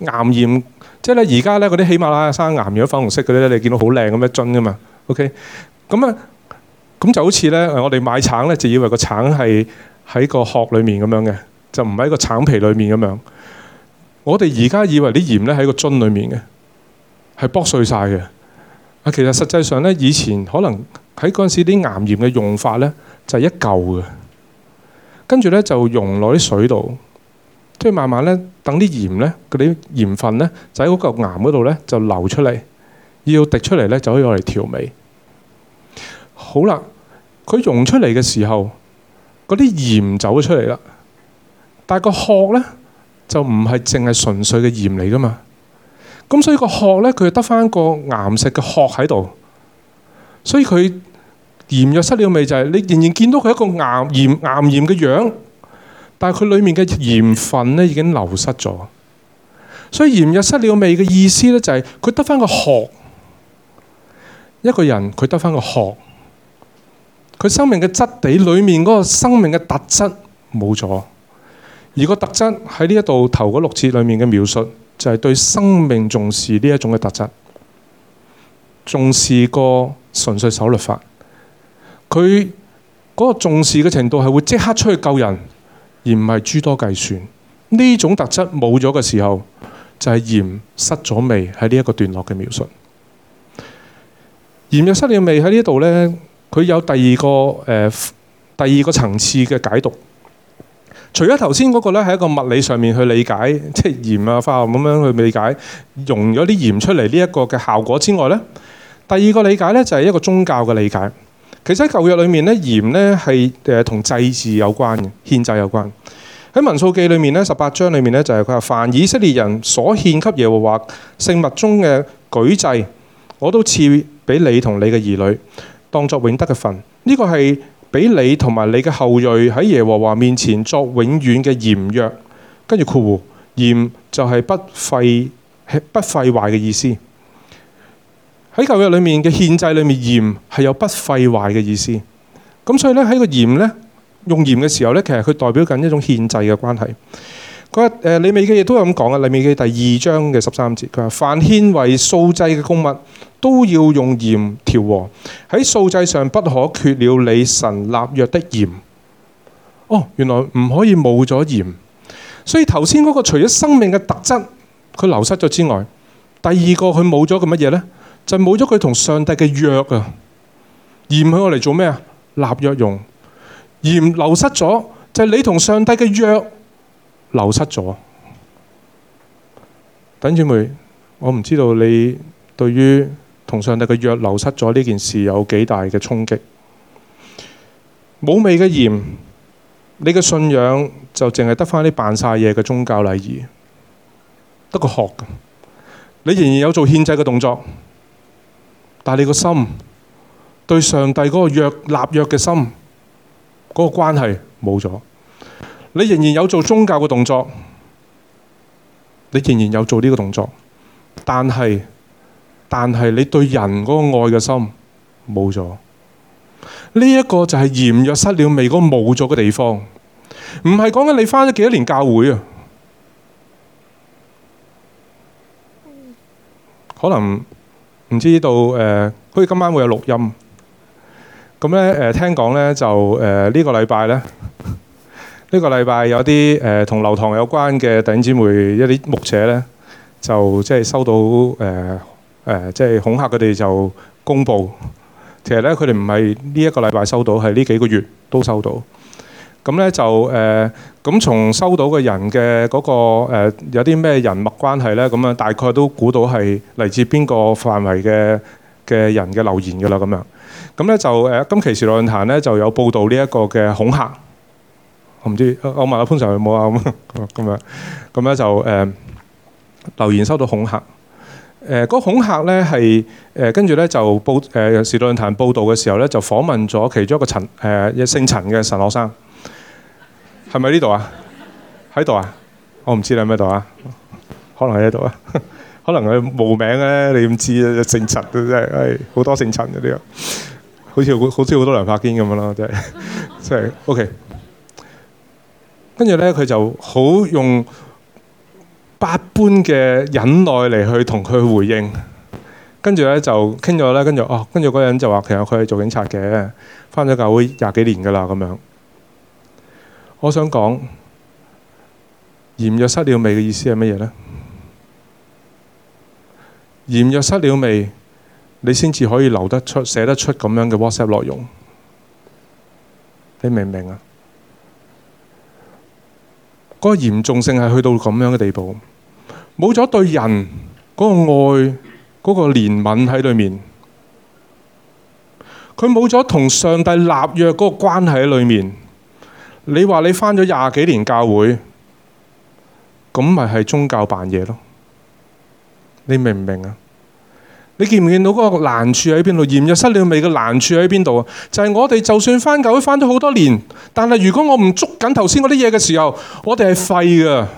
岩鹽即係咧而家咧嗰啲喜馬拉雅山岩鹽粉紅色嗰啲咧，你見到好靚咁一樽噶嘛？OK，咁啊，咁就好似咧我哋買橙咧，就以為個橙係喺個殼裡面咁樣嘅，就唔喺個橙皮裡面咁樣。我哋而家以為啲鹽咧喺個樽裡面嘅，係剝碎晒嘅。啊，其實實際上咧，以前可能喺嗰陣時啲岩鹽嘅用法咧，就係一嚿嘅，跟住咧就溶落啲水度，即係慢慢咧等啲鹽咧，嗰啲鹽分咧，喺嗰嚿岩嗰度咧就流出嚟，要滴出嚟咧就可以攞嚟調味。好啦，佢溶出嚟嘅時候，嗰啲鹽走咗出嚟啦，但係個殼咧就唔係淨係純粹嘅鹽嚟噶嘛。咁所以個殼咧，佢得翻個岩石嘅殼喺度，所以佢鹽若失了味就係、是、你仍然見到佢一個岩鹽岩鹽嘅樣，但係佢裏面嘅鹽分咧已經流失咗。所以鹽若失了味嘅意思咧就係佢得翻個殼，一個人佢得翻個殼，佢生命嘅質地裏面嗰個生命嘅特質冇咗，而那個特質喺呢一度頭嗰六節裏面嘅描述。就係對生命重視呢一種嘅特質，重視過純粹守律法，佢嗰個重視嘅程度係會即刻出去救人，而唔係諸多計算。呢種特質冇咗嘅時候，就係、是、鹽失咗味喺呢一個段落嘅描述。鹽若失了味喺呢一度咧，佢有第二個誒、呃、第二個層次嘅解讀。除咗頭先嗰個咧，係一個物理上面去理解，即係鹽啊化學咁樣去理解，溶咗啲鹽出嚟呢一個嘅效果之外咧，第二個理解咧就係、是、一個宗教嘅理解。其實喺舊約裏面咧，鹽咧係誒同祭祀有關嘅，獻祭有關。喺民數記裏面咧，十八章裏面咧就係佢話：凡以色列人所獻給耶和華聖物中嘅舉祭，我都賜俾你同你嘅兒女，當作永得嘅份。呢、這個係俾你同埋你嘅後裔喺耶和華面前作永遠嘅鹽約，跟住括弧鹽就係不廢不廢壞嘅意思。喺舊約裏面嘅獻祭裏面，鹽係有不廢壞嘅意思。咁所以咧喺個鹽咧用鹽嘅時候咧，其實佢代表緊一種獻祭嘅關係。佢話誒，利未記亦都有咁講嘅，利未記嘅第二章嘅十三節，佢話凡獻為素祭嘅公物。都要用鹽調和，喺素祭上不可缺了你神立約的鹽。哦，原來唔可以冇咗鹽，所以頭先嗰個除咗生命嘅特質佢流失咗之外，第二個佢冇咗個乜嘢呢？就冇咗佢同上帝嘅約啊。鹽佢我嚟做咩啊？立約用鹽流失咗，就係你同上帝嘅約流失咗。等姐妹，我唔知道你對於。同上帝嘅約流失咗呢件事有幾大嘅衝擊？冇味嘅鹽，你嘅信仰就淨係得返啲扮晒嘢嘅宗教禮儀，得個學嘅。你仍然有做獻祭嘅動作，但係你個心對上帝嗰個約立約嘅心嗰個關係冇咗。你仍然有做宗教嘅動作，你仍然有做呢個動作，但係。但係你對人嗰個愛嘅心冇咗，呢一個就係鹽若失了味嗰個冇咗嘅地方，唔係講緊你返咗幾多年教會啊？可能唔知道誒，好似今晚會有錄音，咁咧誒，聽講咧就誒，呢個禮拜咧，呢個禮拜有啲誒，同流堂有關嘅弟兄姊妹一啲牧者咧，就即係收到誒。誒，即係恐嚇佢哋就公佈。其實咧，佢哋唔係呢一個禮拜收到，係呢幾個月都收到。咁咧就誒，咁、呃、從收到嘅人嘅嗰、嗰個、呃、有啲咩人脈關係咧，咁啊大概都估到係嚟自邊個範圍嘅嘅人嘅留言噶啦，咁樣。咁咧就誒、呃，今期時代論壇咧就有報導呢一個嘅恐嚇。我唔知，我問下潘 Sir 有冇啊？咁 咁樣，咁咧就誒、呃，留言收到恐嚇。誒，嗰恐嚇咧，係，誒，跟住咧，就報，誒，時代論壇報導嘅時候咧，就訪問咗其中一個陳，誒，姓陳嘅神學生，係咪呢度啊？喺度啊？我唔知你喺咩度啊？可能喺呢度啊？可能佢無名咧，你唔知啊？姓陳啊，真係誒，好多姓陳嗰啲啊，好似好，好似好多梁栢堅咁樣咯，真係，真係 OK。跟住咧佢就好用。百般嘅忍耐嚟去同佢回應，跟住呢，就傾咗咧，跟住哦，跟住嗰人就話其實佢係做警察嘅，返咗教會廿幾年噶啦，咁樣。我想講，鹽若失了味嘅意思係乜嘢呢？鹽若失了味，你先至可以留得出、寫得出咁樣嘅 WhatsApp 內容。你明唔明啊？嗰、嗰個嚴重性係去到咁樣嘅地步。冇咗對人嗰個愛，嗰個憐憫喺裏面，佢冇咗同上帝立約嗰個關係喺裏面。你話你返咗廿幾年教會，咁咪係宗教扮嘢咯？你明唔明啊？你見唔見到嗰個難處喺邊度？鹽若失了味嘅難處喺邊度啊？就係我哋就算返教會返咗好多年，但係如果我唔捉緊頭先嗰啲嘢嘅時候，我哋係廢噶。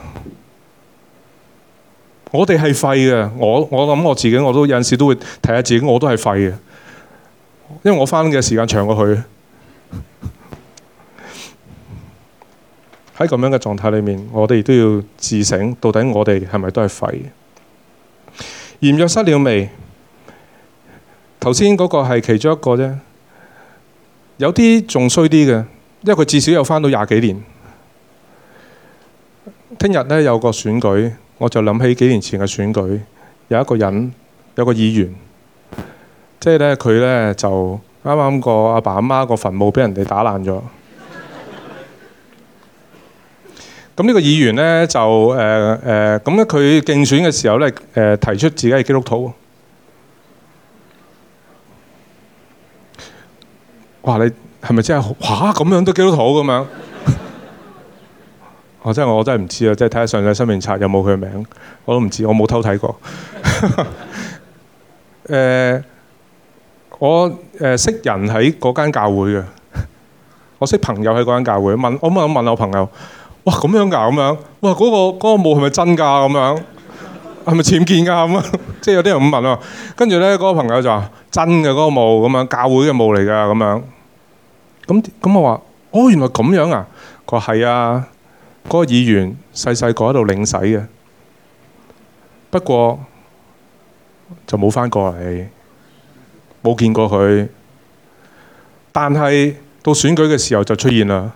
我哋係廢嘅，我我諗我自己我都有陣時都會提下自己，我都係廢嘅，因為我返嘅時間長過佢。喺咁樣嘅狀態裏面，我哋都要自省，到底我哋係咪都係廢嘅？鹽若失了味？頭先嗰個係其中一個啫，有啲仲衰啲嘅，因為佢至少有返到廿幾年。聽日咧有個選舉。我就諗起幾年前嘅選舉，有一個人，有個議員，即係咧佢咧就啱啱個阿爸阿媽個墳墓俾人哋打爛咗。咁呢 個議員咧就誒誒，咁咧佢競選嘅時候咧、呃、提出自己係基督徒，話你係咪真係話咁樣都基督徒咁樣？我真係我真係唔知啊！即係睇下上帝生命冊有冇佢嘅名，我都唔知，我冇偷睇過。誒，我誒識人喺嗰間教會嘅，我識朋友喺嗰間教會問，我問問我朋友，哇咁樣㗎，咁樣，哇嗰個嗰個墓係咪真㗎？咁樣係咪僭建㗎？咁啊，即係有啲人咁問啊。跟住咧，嗰個朋友就話真嘅嗰個墓，咁樣教會嘅墓嚟㗎，咁樣。咁咁我話，哦原來咁樣啊！佢話係啊。嗰個議員細細個喺度領洗嘅，不過就冇返過嚟，冇見過佢。但係到選舉嘅時候就出現啦。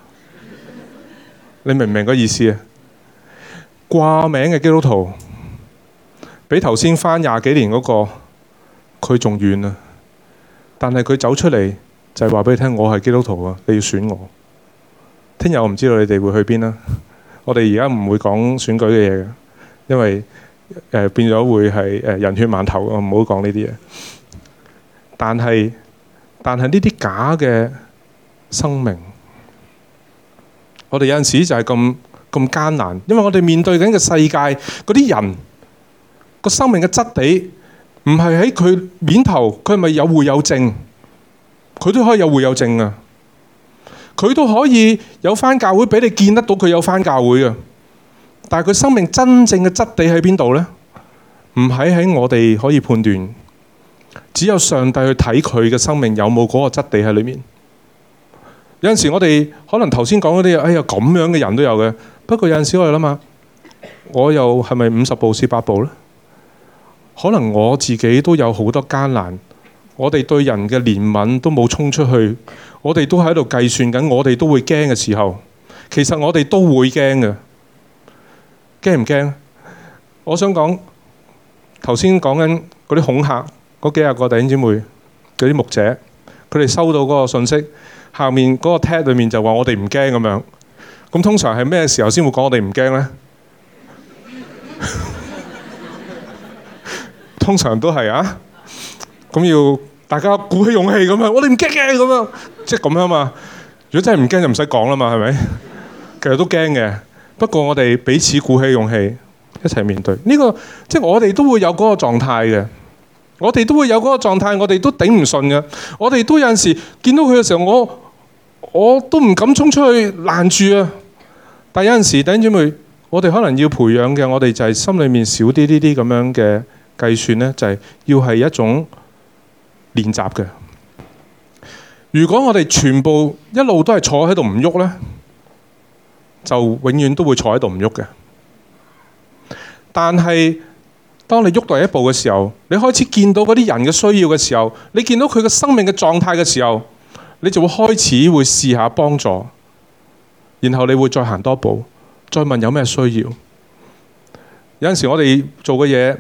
你明唔明個意思啊？掛名嘅基督徒比頭先返廿幾年嗰、嗰個佢仲遠啊，但係佢走出嚟就話、是、畀你聽，我係基督徒啊，你要選我。聽日我唔知道你哋會去邊啦。我哋而家唔會講選舉嘅嘢嘅，因為誒變咗會係誒人血饅頭啊，我唔好講呢啲嘢。但係但係呢啲假嘅生命，我哋有陣時就係咁咁艱難，因為我哋面對緊嘅世界，嗰啲人個生命嘅質地，唔係喺佢面頭，佢係咪有會有正，佢都可以有會有正啊。佢都可以有翻教會俾你見得到佢有翻教會嘅，但係佢生命真正嘅質地喺邊度呢？唔喺喺我哋可以判斷，只有上帝去睇佢嘅生命有冇嗰個質地喺裏面。有陣時我哋可能頭先講嗰啲，哎呀咁樣嘅人都有嘅，不過有陣時我哋諗下，我又係咪五十步笑百步呢？可能我自己都有好多艱難，我哋對人嘅憐憫都冇衝出去。我哋都喺度計算緊，我哋都會驚嘅時候，其實我哋都會驚嘅，驚唔驚？我想講頭先講緊嗰啲恐嚇嗰幾廿個弟兄姊妹嗰啲牧者，佢哋收到嗰個信息，下面嗰個 tag 裏面就話我哋唔驚咁樣。咁通常係咩時候先會講我哋唔驚咧？通常都係啊，咁要大家鼓起勇氣咁樣，我哋唔驚驚咁樣。即係咁樣嘛？如果真係唔驚就唔使講啦嘛，係咪？ 其實都驚嘅，不過我哋彼此鼓起勇氣一齊面對呢個。即係我哋都會有嗰個狀態嘅，我哋都會有嗰個狀態，我哋都頂唔順嘅。我哋都有陣時見到佢嘅時候，我我都唔敢衝出去攔住啊！但有陣時，弟兄姊妹，我哋可能要培養嘅，我哋就係心裏面少啲呢啲咁樣嘅計算咧，就係要係一種練習嘅。如果我哋全部一路都係坐喺度唔喐咧，就永遠都會坐喺度唔喐嘅。但係當你喐多一步嘅時候，你開始見到嗰啲人嘅需要嘅時候，你見到佢嘅生命嘅狀態嘅時候，你就會開始會試下幫助，然後你會再行多步，再問有咩需要。有陣時我哋做嘅嘢，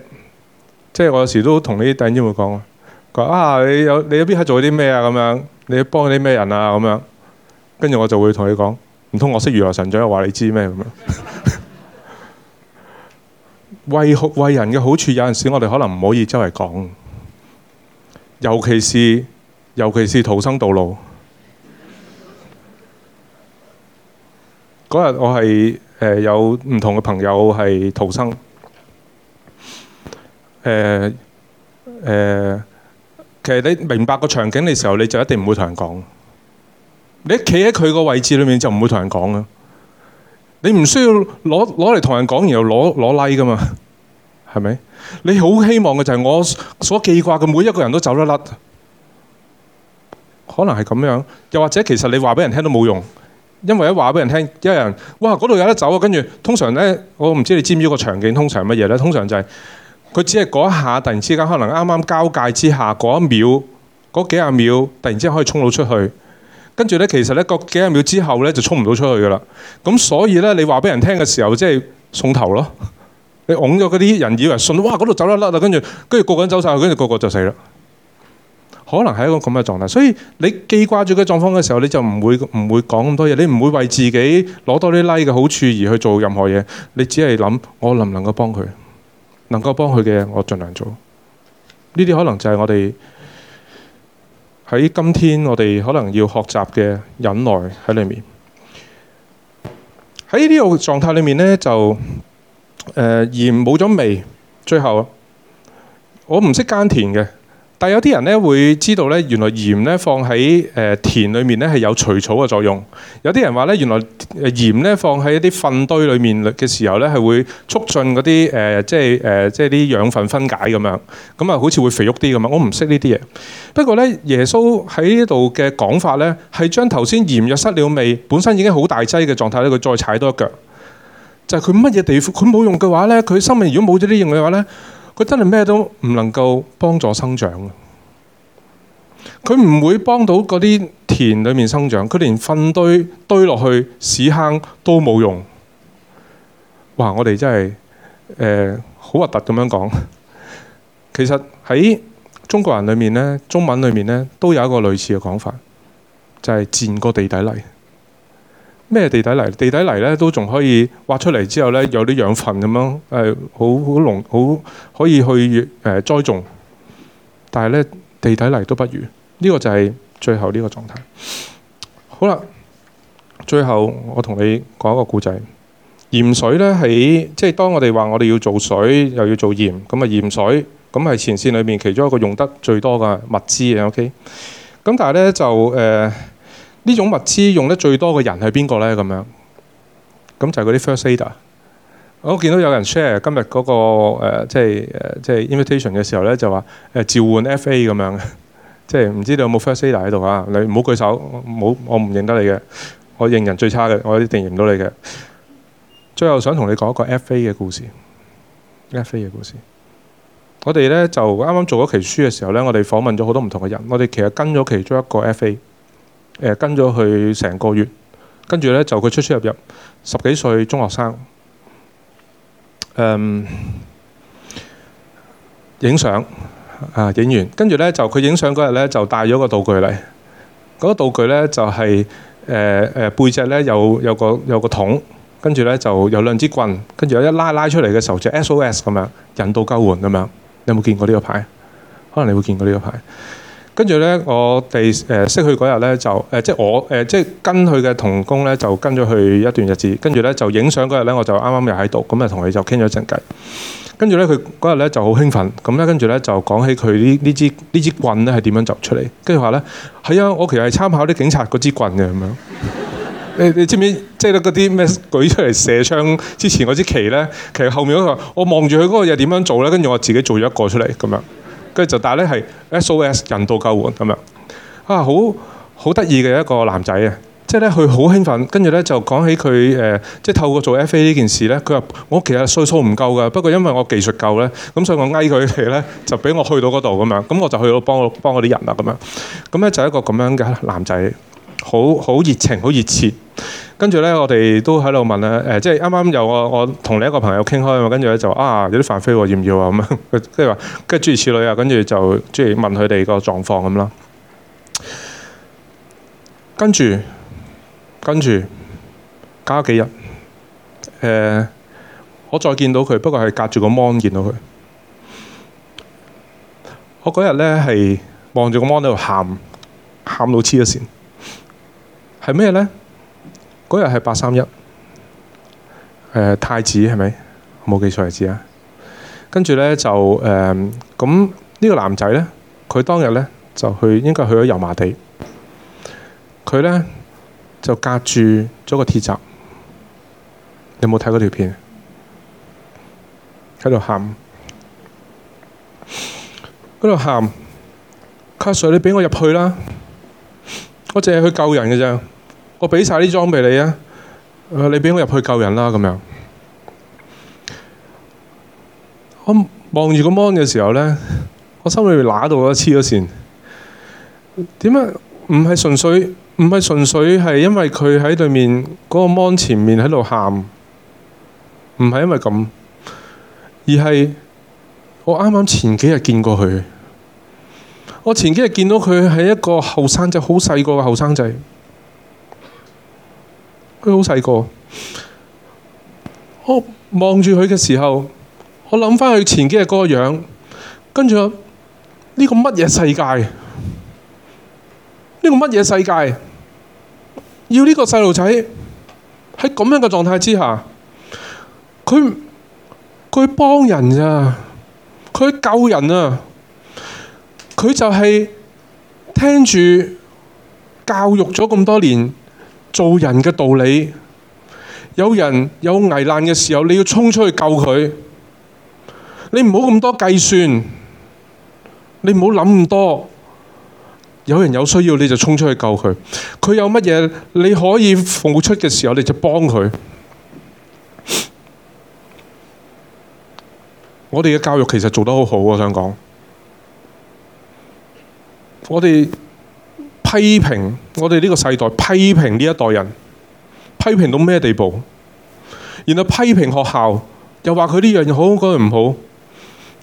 即係我有時都同啲弟兄弟會講，講啊，你有你喺邊喺做啲咩啊？咁樣。你要幫啲咩人啊？咁樣，跟住我就會同你講，唔通我識如來神掌，話你知咩咁樣。 為？為好為人嘅好處，有陣時我哋可能唔可以周圍講，尤其是尤其是逃生道路。嗰日 我係誒、呃、有唔同嘅朋友係逃生，誒、呃、誒。呃其實你明白個場景嘅時候，你就一定唔會同人講。你企喺佢個位置裏面就唔會同人講啊！你唔需要攞攞嚟同人講，然後攞攞 like 噶嘛，係咪？你好希望嘅就係我所記掛嘅每一個人都走得甩，可能係咁樣。又或者其實你話俾人聽都冇用，因為一話俾人聽，有人哇嗰度有得走啊！跟住通常咧，我唔知你知唔知個場景通常係乜嘢咧？通常就係。佢只係嗰一下，突然之間可能啱啱交界之下，嗰一秒、嗰幾十秒，突然之間可以衝到出去，跟住咧，其實咧個幾十秒之後咧就衝唔到出去噶啦。咁所以咧，你話俾人聽嘅時候，即係送頭咯。你拱咗嗰啲人以為信，哇，嗰度走甩甩啦，跟住跟住個個人走晒去，跟住個個就死啦。可能係一個咁嘅狀態。所以你記掛住個狀況嘅時候，你就唔會唔會講咁多嘢，你唔會為自己攞多啲利嘅好處而去做任何嘢。你只係諗，我能唔能夠幫佢？能夠幫佢嘅，我盡量做。呢啲可能就係我哋喺今天我哋可能要學習嘅忍耐喺裏面。喺呢個狀態裏面呢，就誒鹽冇咗味。最後我唔識耕田嘅。但有啲人咧會知道咧，原來鹽咧放喺誒田裏面咧，係有除草嘅作用。有啲人話咧，原來鹽咧放喺一啲糞堆裏面嘅時候咧，係會促進嗰啲誒即係誒、呃、即係啲養分分解咁樣。咁啊好似會肥沃啲咁樣。我唔識呢啲嘢。不過咧，耶穌喺呢度嘅講法咧，係將頭先鹽若失了味，本身已經好大劑嘅狀態咧，佢再踩多一腳。就係佢乜嘢地方佢冇用嘅話咧，佢生命如果冇咗啲用嘅話咧。佢真係咩都唔能夠幫助生長，佢唔會幫到嗰啲田裏面生長，佢連糞堆堆落去屎坑都冇用。哇！我哋真係誒好核突咁樣講，其實喺中國人裏面咧，中文裏面咧，都有一個類似嘅講法，就係賤過地底泥。咩地底泥？地底泥咧都仲可以挖出嚟之後咧，有啲養分咁樣誒，好好濃好可以去誒栽種。但係咧地底泥都不如，呢個就係最後呢個狀態。好啦，最後我同你講一個故仔。鹽水咧喺即係當我哋話我哋要做水又要做鹽，咁啊鹽水咁係前線裏面其中一個用得最多嘅物資啊。OK，咁但係咧就誒。呢種物資用得最多嘅人係邊個呢？咁樣咁就係嗰啲 first aider。我見到有人 share 今日嗰、嗰個即係誒，即係、呃、invitation 嘅時候咧，就話誒、呃、召喚 FA 咁樣嘅， 即係唔知你有冇 first aider 喺度啊？你唔好舉手，我唔認得你嘅，我認人最差嘅，我一定認唔到你嘅。最後想同你講一個 FA 嘅故事，FA 嘅故事。我哋咧就啱啱做咗期書嘅時候咧，我哋訪問咗好多唔同嘅人，我哋其實跟咗其中一個 FA。誒跟咗佢成個月，跟住咧就佢出出入入，十幾歲中學生，誒影相啊，影完，跟住咧就佢影相嗰日咧就帶咗個道具嚟，嗰個道具咧就係誒誒背脊咧有有個有個桶，跟住咧就有兩支棍，跟住有一拉拉出嚟嘅時候就 SOS 咁樣，引導救援咁樣，你有冇見過呢個牌？可能你會見過呢個牌。跟住呢，我哋誒識佢嗰日呢，就誒，即係我誒，即係跟佢嘅同工呢，就跟咗佢一段日子。跟住呢，就影相嗰日呢，我就啱啱又喺度，咁啊同佢就傾咗一陣偈。跟住呢，佢嗰日呢就好興奮，咁呢，跟住呢，就講起佢呢呢支呢支棍呢係點樣作出嚟。跟住話呢，係、哎、啊，我其實係參考啲警察嗰支棍嘅咁樣。 你知唔知即係嗰啲咩舉出嚟射槍之前嗰支旗呢？其實後面嗰個我望住佢嗰個嘢點樣做呢？跟住我自己做咗一個出嚟咁樣。就，但係咧係 SOS 人道救援咁樣，啊好好得意嘅一個男仔啊！即係咧，佢好興奮，跟住咧就講起佢誒、呃，即係透過做 FA 呢件事咧，佢話我其實歲數唔夠噶，不過因為我技術夠咧，咁所以我拉佢哋咧就俾我去到嗰度咁樣，咁我就去到幫我幫嗰啲人喇咁樣，咁咧就一個咁樣嘅男仔，好好熱情，好熱切。跟住咧，我哋都喺度問咧，誒、呃，即係啱啱有我我同另一個朋友傾開嘛，跟住咧就啊有啲飯飛，要唔要啊咁樣，跟住話跟住諸如此類啊，跟住就即係問佢哋個狀況咁啦。跟住跟住隔咗幾日，誒、呃，我再見到佢，不過係隔住個芒見到佢。我嗰日咧係望住個芒喺度喊，喊到黐咗線，係咩咧？嗰日係八三一，太子係咪？冇記錯日子啊！跟住咧就誒呢、呃這個男仔咧，佢當日呢，就去應該去咗油麻地，佢呢，就隔住咗個鐵閘，你有冇睇嗰條片？喺度喊，喺度喊，卡 Sir 你俾我入去啦！我淨係去救人嘅啫。我俾曬啲裝備俾你啊！你俾我入去救人啦，咁樣。我望住個 mon 嘅時候咧，我心裏面揦到我黐咗線。點解？唔係純粹，唔係純粹係因為佢喺對面嗰個 mon 前面喺度喊，唔係因為咁，而係我啱啱前幾日見過佢。我前幾日見到佢係一個後生仔，好細個嘅後生仔。佢好細個，我望住佢嘅時候，我諗翻佢前幾日嗰個樣，跟住呢個乜嘢世界？呢個乜嘢世界？要呢個細路仔喺咁樣嘅狀態之下，佢佢幫人啊，佢救人啊，佢就係聽住教育咗咁多年。做人嘅道理，有人有危難嘅時候，你要衝出去救佢。你唔好咁多計算，你唔好諗咁多。有人有需要，你就衝出去救佢。佢有乜嘢你可以付出嘅時候，你就幫佢。我哋嘅教育其實做得好好啊！我想講，我哋。批評我哋呢個世代，批評呢一代人，批評到咩地步？然後批評學校，又話佢呢樣嘢好，嗰樣唔好。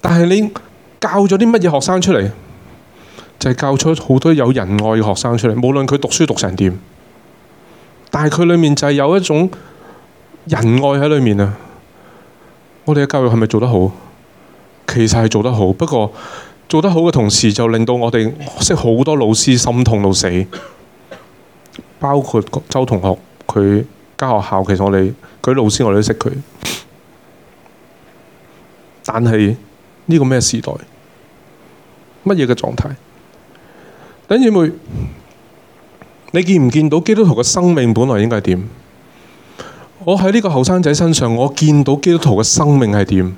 但係你教咗啲乜嘢學生出嚟，就係、是、教出好多有仁愛嘅學生出嚟。無論佢讀書讀成點，但係佢裏面就係有一種仁愛喺裏面啊。我哋嘅教育係咪做得好？其實係做得好，不過。做得好嘅同時就令到我哋識好多老師心痛到死，包括周同學佢家學校，其實我哋佢老師我哋都認識佢。但係呢個咩時代？乜嘢嘅狀態？等住妹，你見唔見到基督徒嘅生命本來應該係點？我喺呢個後生仔身上，我見到基督徒嘅生命係點？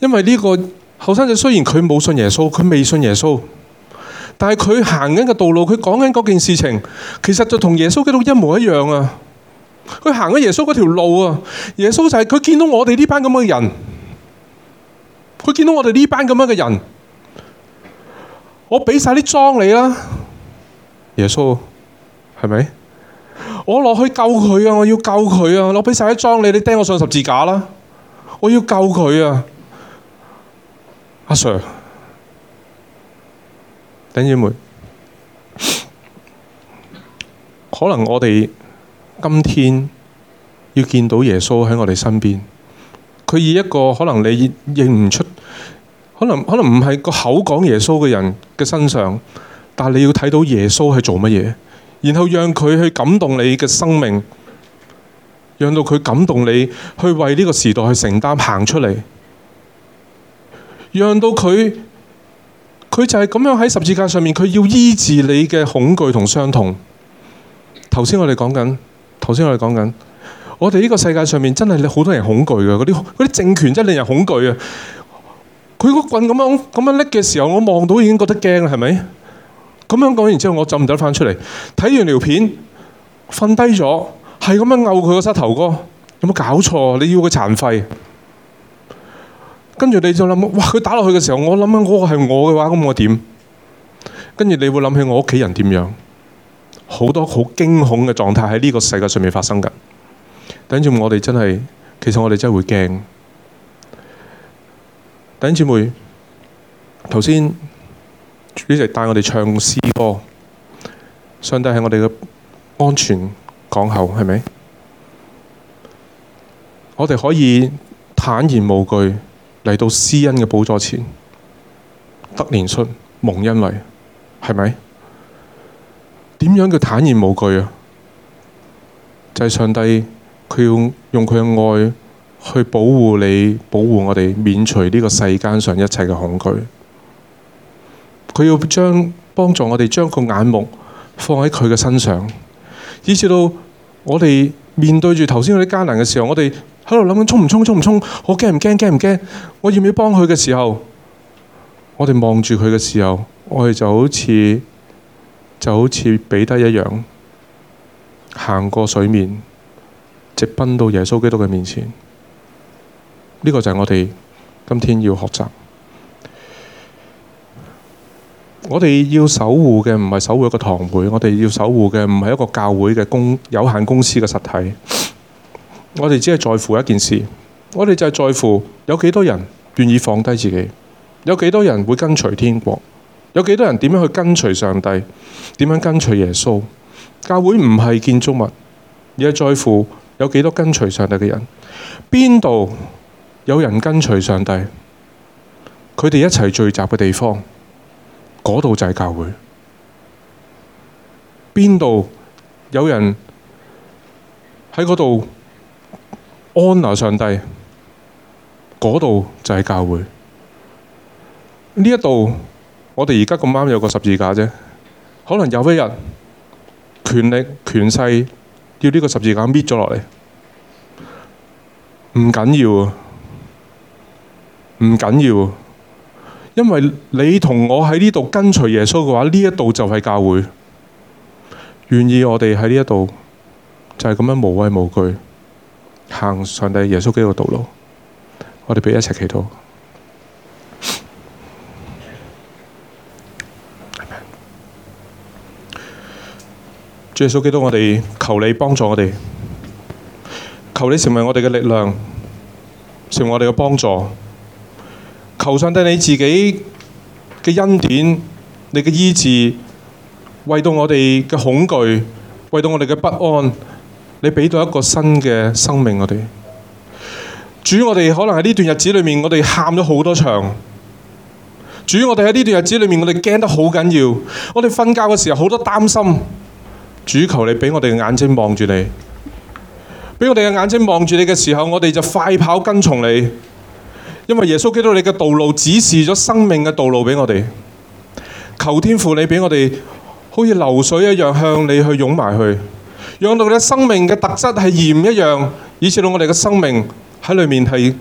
因為呢、這個。後生仔雖然佢冇信耶穌，佢未信耶穌，但係佢行緊嘅道路，佢講緊嗰件事情，其實就同耶穌基督一模一樣啊！佢行咗耶穌嗰條路啊！耶穌就係佢見到我哋呢班咁嘅人，佢見到我哋呢班咁樣嘅人，我俾晒啲裝你啦，耶穌係咪？我落去救佢啊！我要救佢啊！我俾晒啲裝你，你釘我上十字架啦！我要救佢啊！阿 Sir，弟兄姊妹，可能我哋今天要見到耶穌喺我哋身邊，佢以一個可能你認唔出，可能可能唔係個口講耶穌嘅人嘅身上，但係你要睇到耶穌係做乜嘢，然後讓佢去感動你嘅生命，讓到佢感動你去為呢個時代去承擔行出嚟。讓到佢，佢就係咁樣喺十字架上面，佢要醫治你嘅恐懼同傷痛。頭先我哋講緊，頭先我哋講緊，我哋呢個世界上面真係好多人恐懼嘅，嗰啲啲政權真係令人恐懼啊！佢個棍咁樣咁樣拎嘅時候，我望到已經覺得驚啦，係咪？咁樣講完之後，我走唔走翻出嚟？睇完條片，瞓低咗，係咁樣拗佢個膝頭哥，有冇搞錯？你要佢殘廢？跟住你就諗，哇！佢打落去嘅時候，我諗緊嗰個係我嘅話，咁我點？跟住你會諗起我屋企人點樣？好多好驚恐嘅狀態喺呢個世界上面發生噶。等住我哋真係，其實我哋真係會驚。等住妹，頭先主席帶我哋唱詩歌，上帝係我哋嘅安全港口，係咪？我哋可以坦然無懼。嚟到施恩嘅寶座前，得憐恤蒙恩惠，係咪？點樣叫坦然無懼啊？就係、是、上帝佢要用佢嘅愛去保護你，保護我哋，免除呢個世間上一切嘅恐懼。佢要將幫助我哋將個眼目放喺佢嘅身上，以至到我哋面對住頭先嗰啲艱難嘅時候，我哋。喺度諗緊衝唔衝，衝唔衝？我驚唔驚，驚唔驚？我要唔要幫佢嘅時候，我哋望住佢嘅時候，我哋就好似就好似彼得一樣，行過水面，直奔到耶穌基督嘅面前。呢個就係我哋今天要學習。我哋要守護嘅唔係守護一個堂會，我哋要守護嘅唔係一個教會嘅公有限公司嘅實體。我哋只係在乎一件事，我哋就係在乎有幾多人願意放低自己，有幾多人會跟隨天國，有幾多人點樣去跟隨上帝，點樣跟隨耶穌？教會唔係建築物，而係在乎有幾多跟隨上帝嘅人，邊度有人跟隨上帝，佢哋一齊聚集嘅地方，嗰度就係教會。邊度有人喺嗰度？安娜上帝，嗰度就係教會。呢一度，我哋而家咁啱有個十字架啫。可能有啲人權力權勢要呢個十字架搣咗落嚟，唔緊要啊，唔緊要啊，因為你同我喺呢度跟隨耶穌嘅話，呢一度就係教會。願意我哋喺呢一度就係咁樣無畏無懼，行上帝耶穌基督嘅道路，我哋畀一齊祈禱。主耶穌基督，我哋求你幫助我哋，求你成為我哋嘅力量，成為我哋嘅幫助。求上帝你自己嘅恩典，你嘅醫治，為到我哋嘅恐懼，為到我哋嘅不安。你俾到一個新嘅生命我哋，主，我哋可能喺呢段日子裏面，我哋喊咗好多場，主，我哋喺呢段日子裏面我哋驚得好緊要，我哋瞓覺嘅時候好多擔心，主求你俾我哋嘅眼睛望住你，俾我哋嘅眼睛望住你嘅時候，我哋就快跑跟從你，因為耶穌基督你嘅道路指示咗生命嘅道路俾我哋，求天父你俾我哋好似流水一樣向你去湧埋去。讓到你生命嘅特質係鹽一樣，以至到我哋嘅生命喺裏面係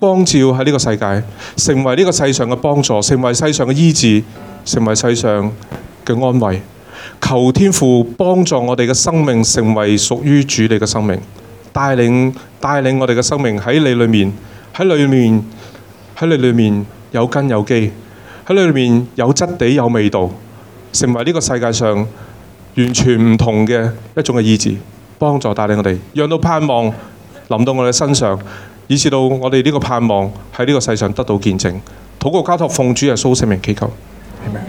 光照喺呢個世界，成為呢個世上嘅幫助，成為世上嘅醫治，成為世上嘅安慰。求天父幫助我哋嘅生命，成為屬於主你嘅生命，帶領帶領我哋嘅生命喺你裏面，喺裏面，喺你裏面有根有基，喺裏面有質地有味道，成為呢個世界上完全唔同嘅一種意志，幫助帶領我哋，讓到盼望臨到我哋身上，以至到我哋呢個盼望喺呢個世上得到見證。禱告交託奉主耶穌聖名祈求，係咪？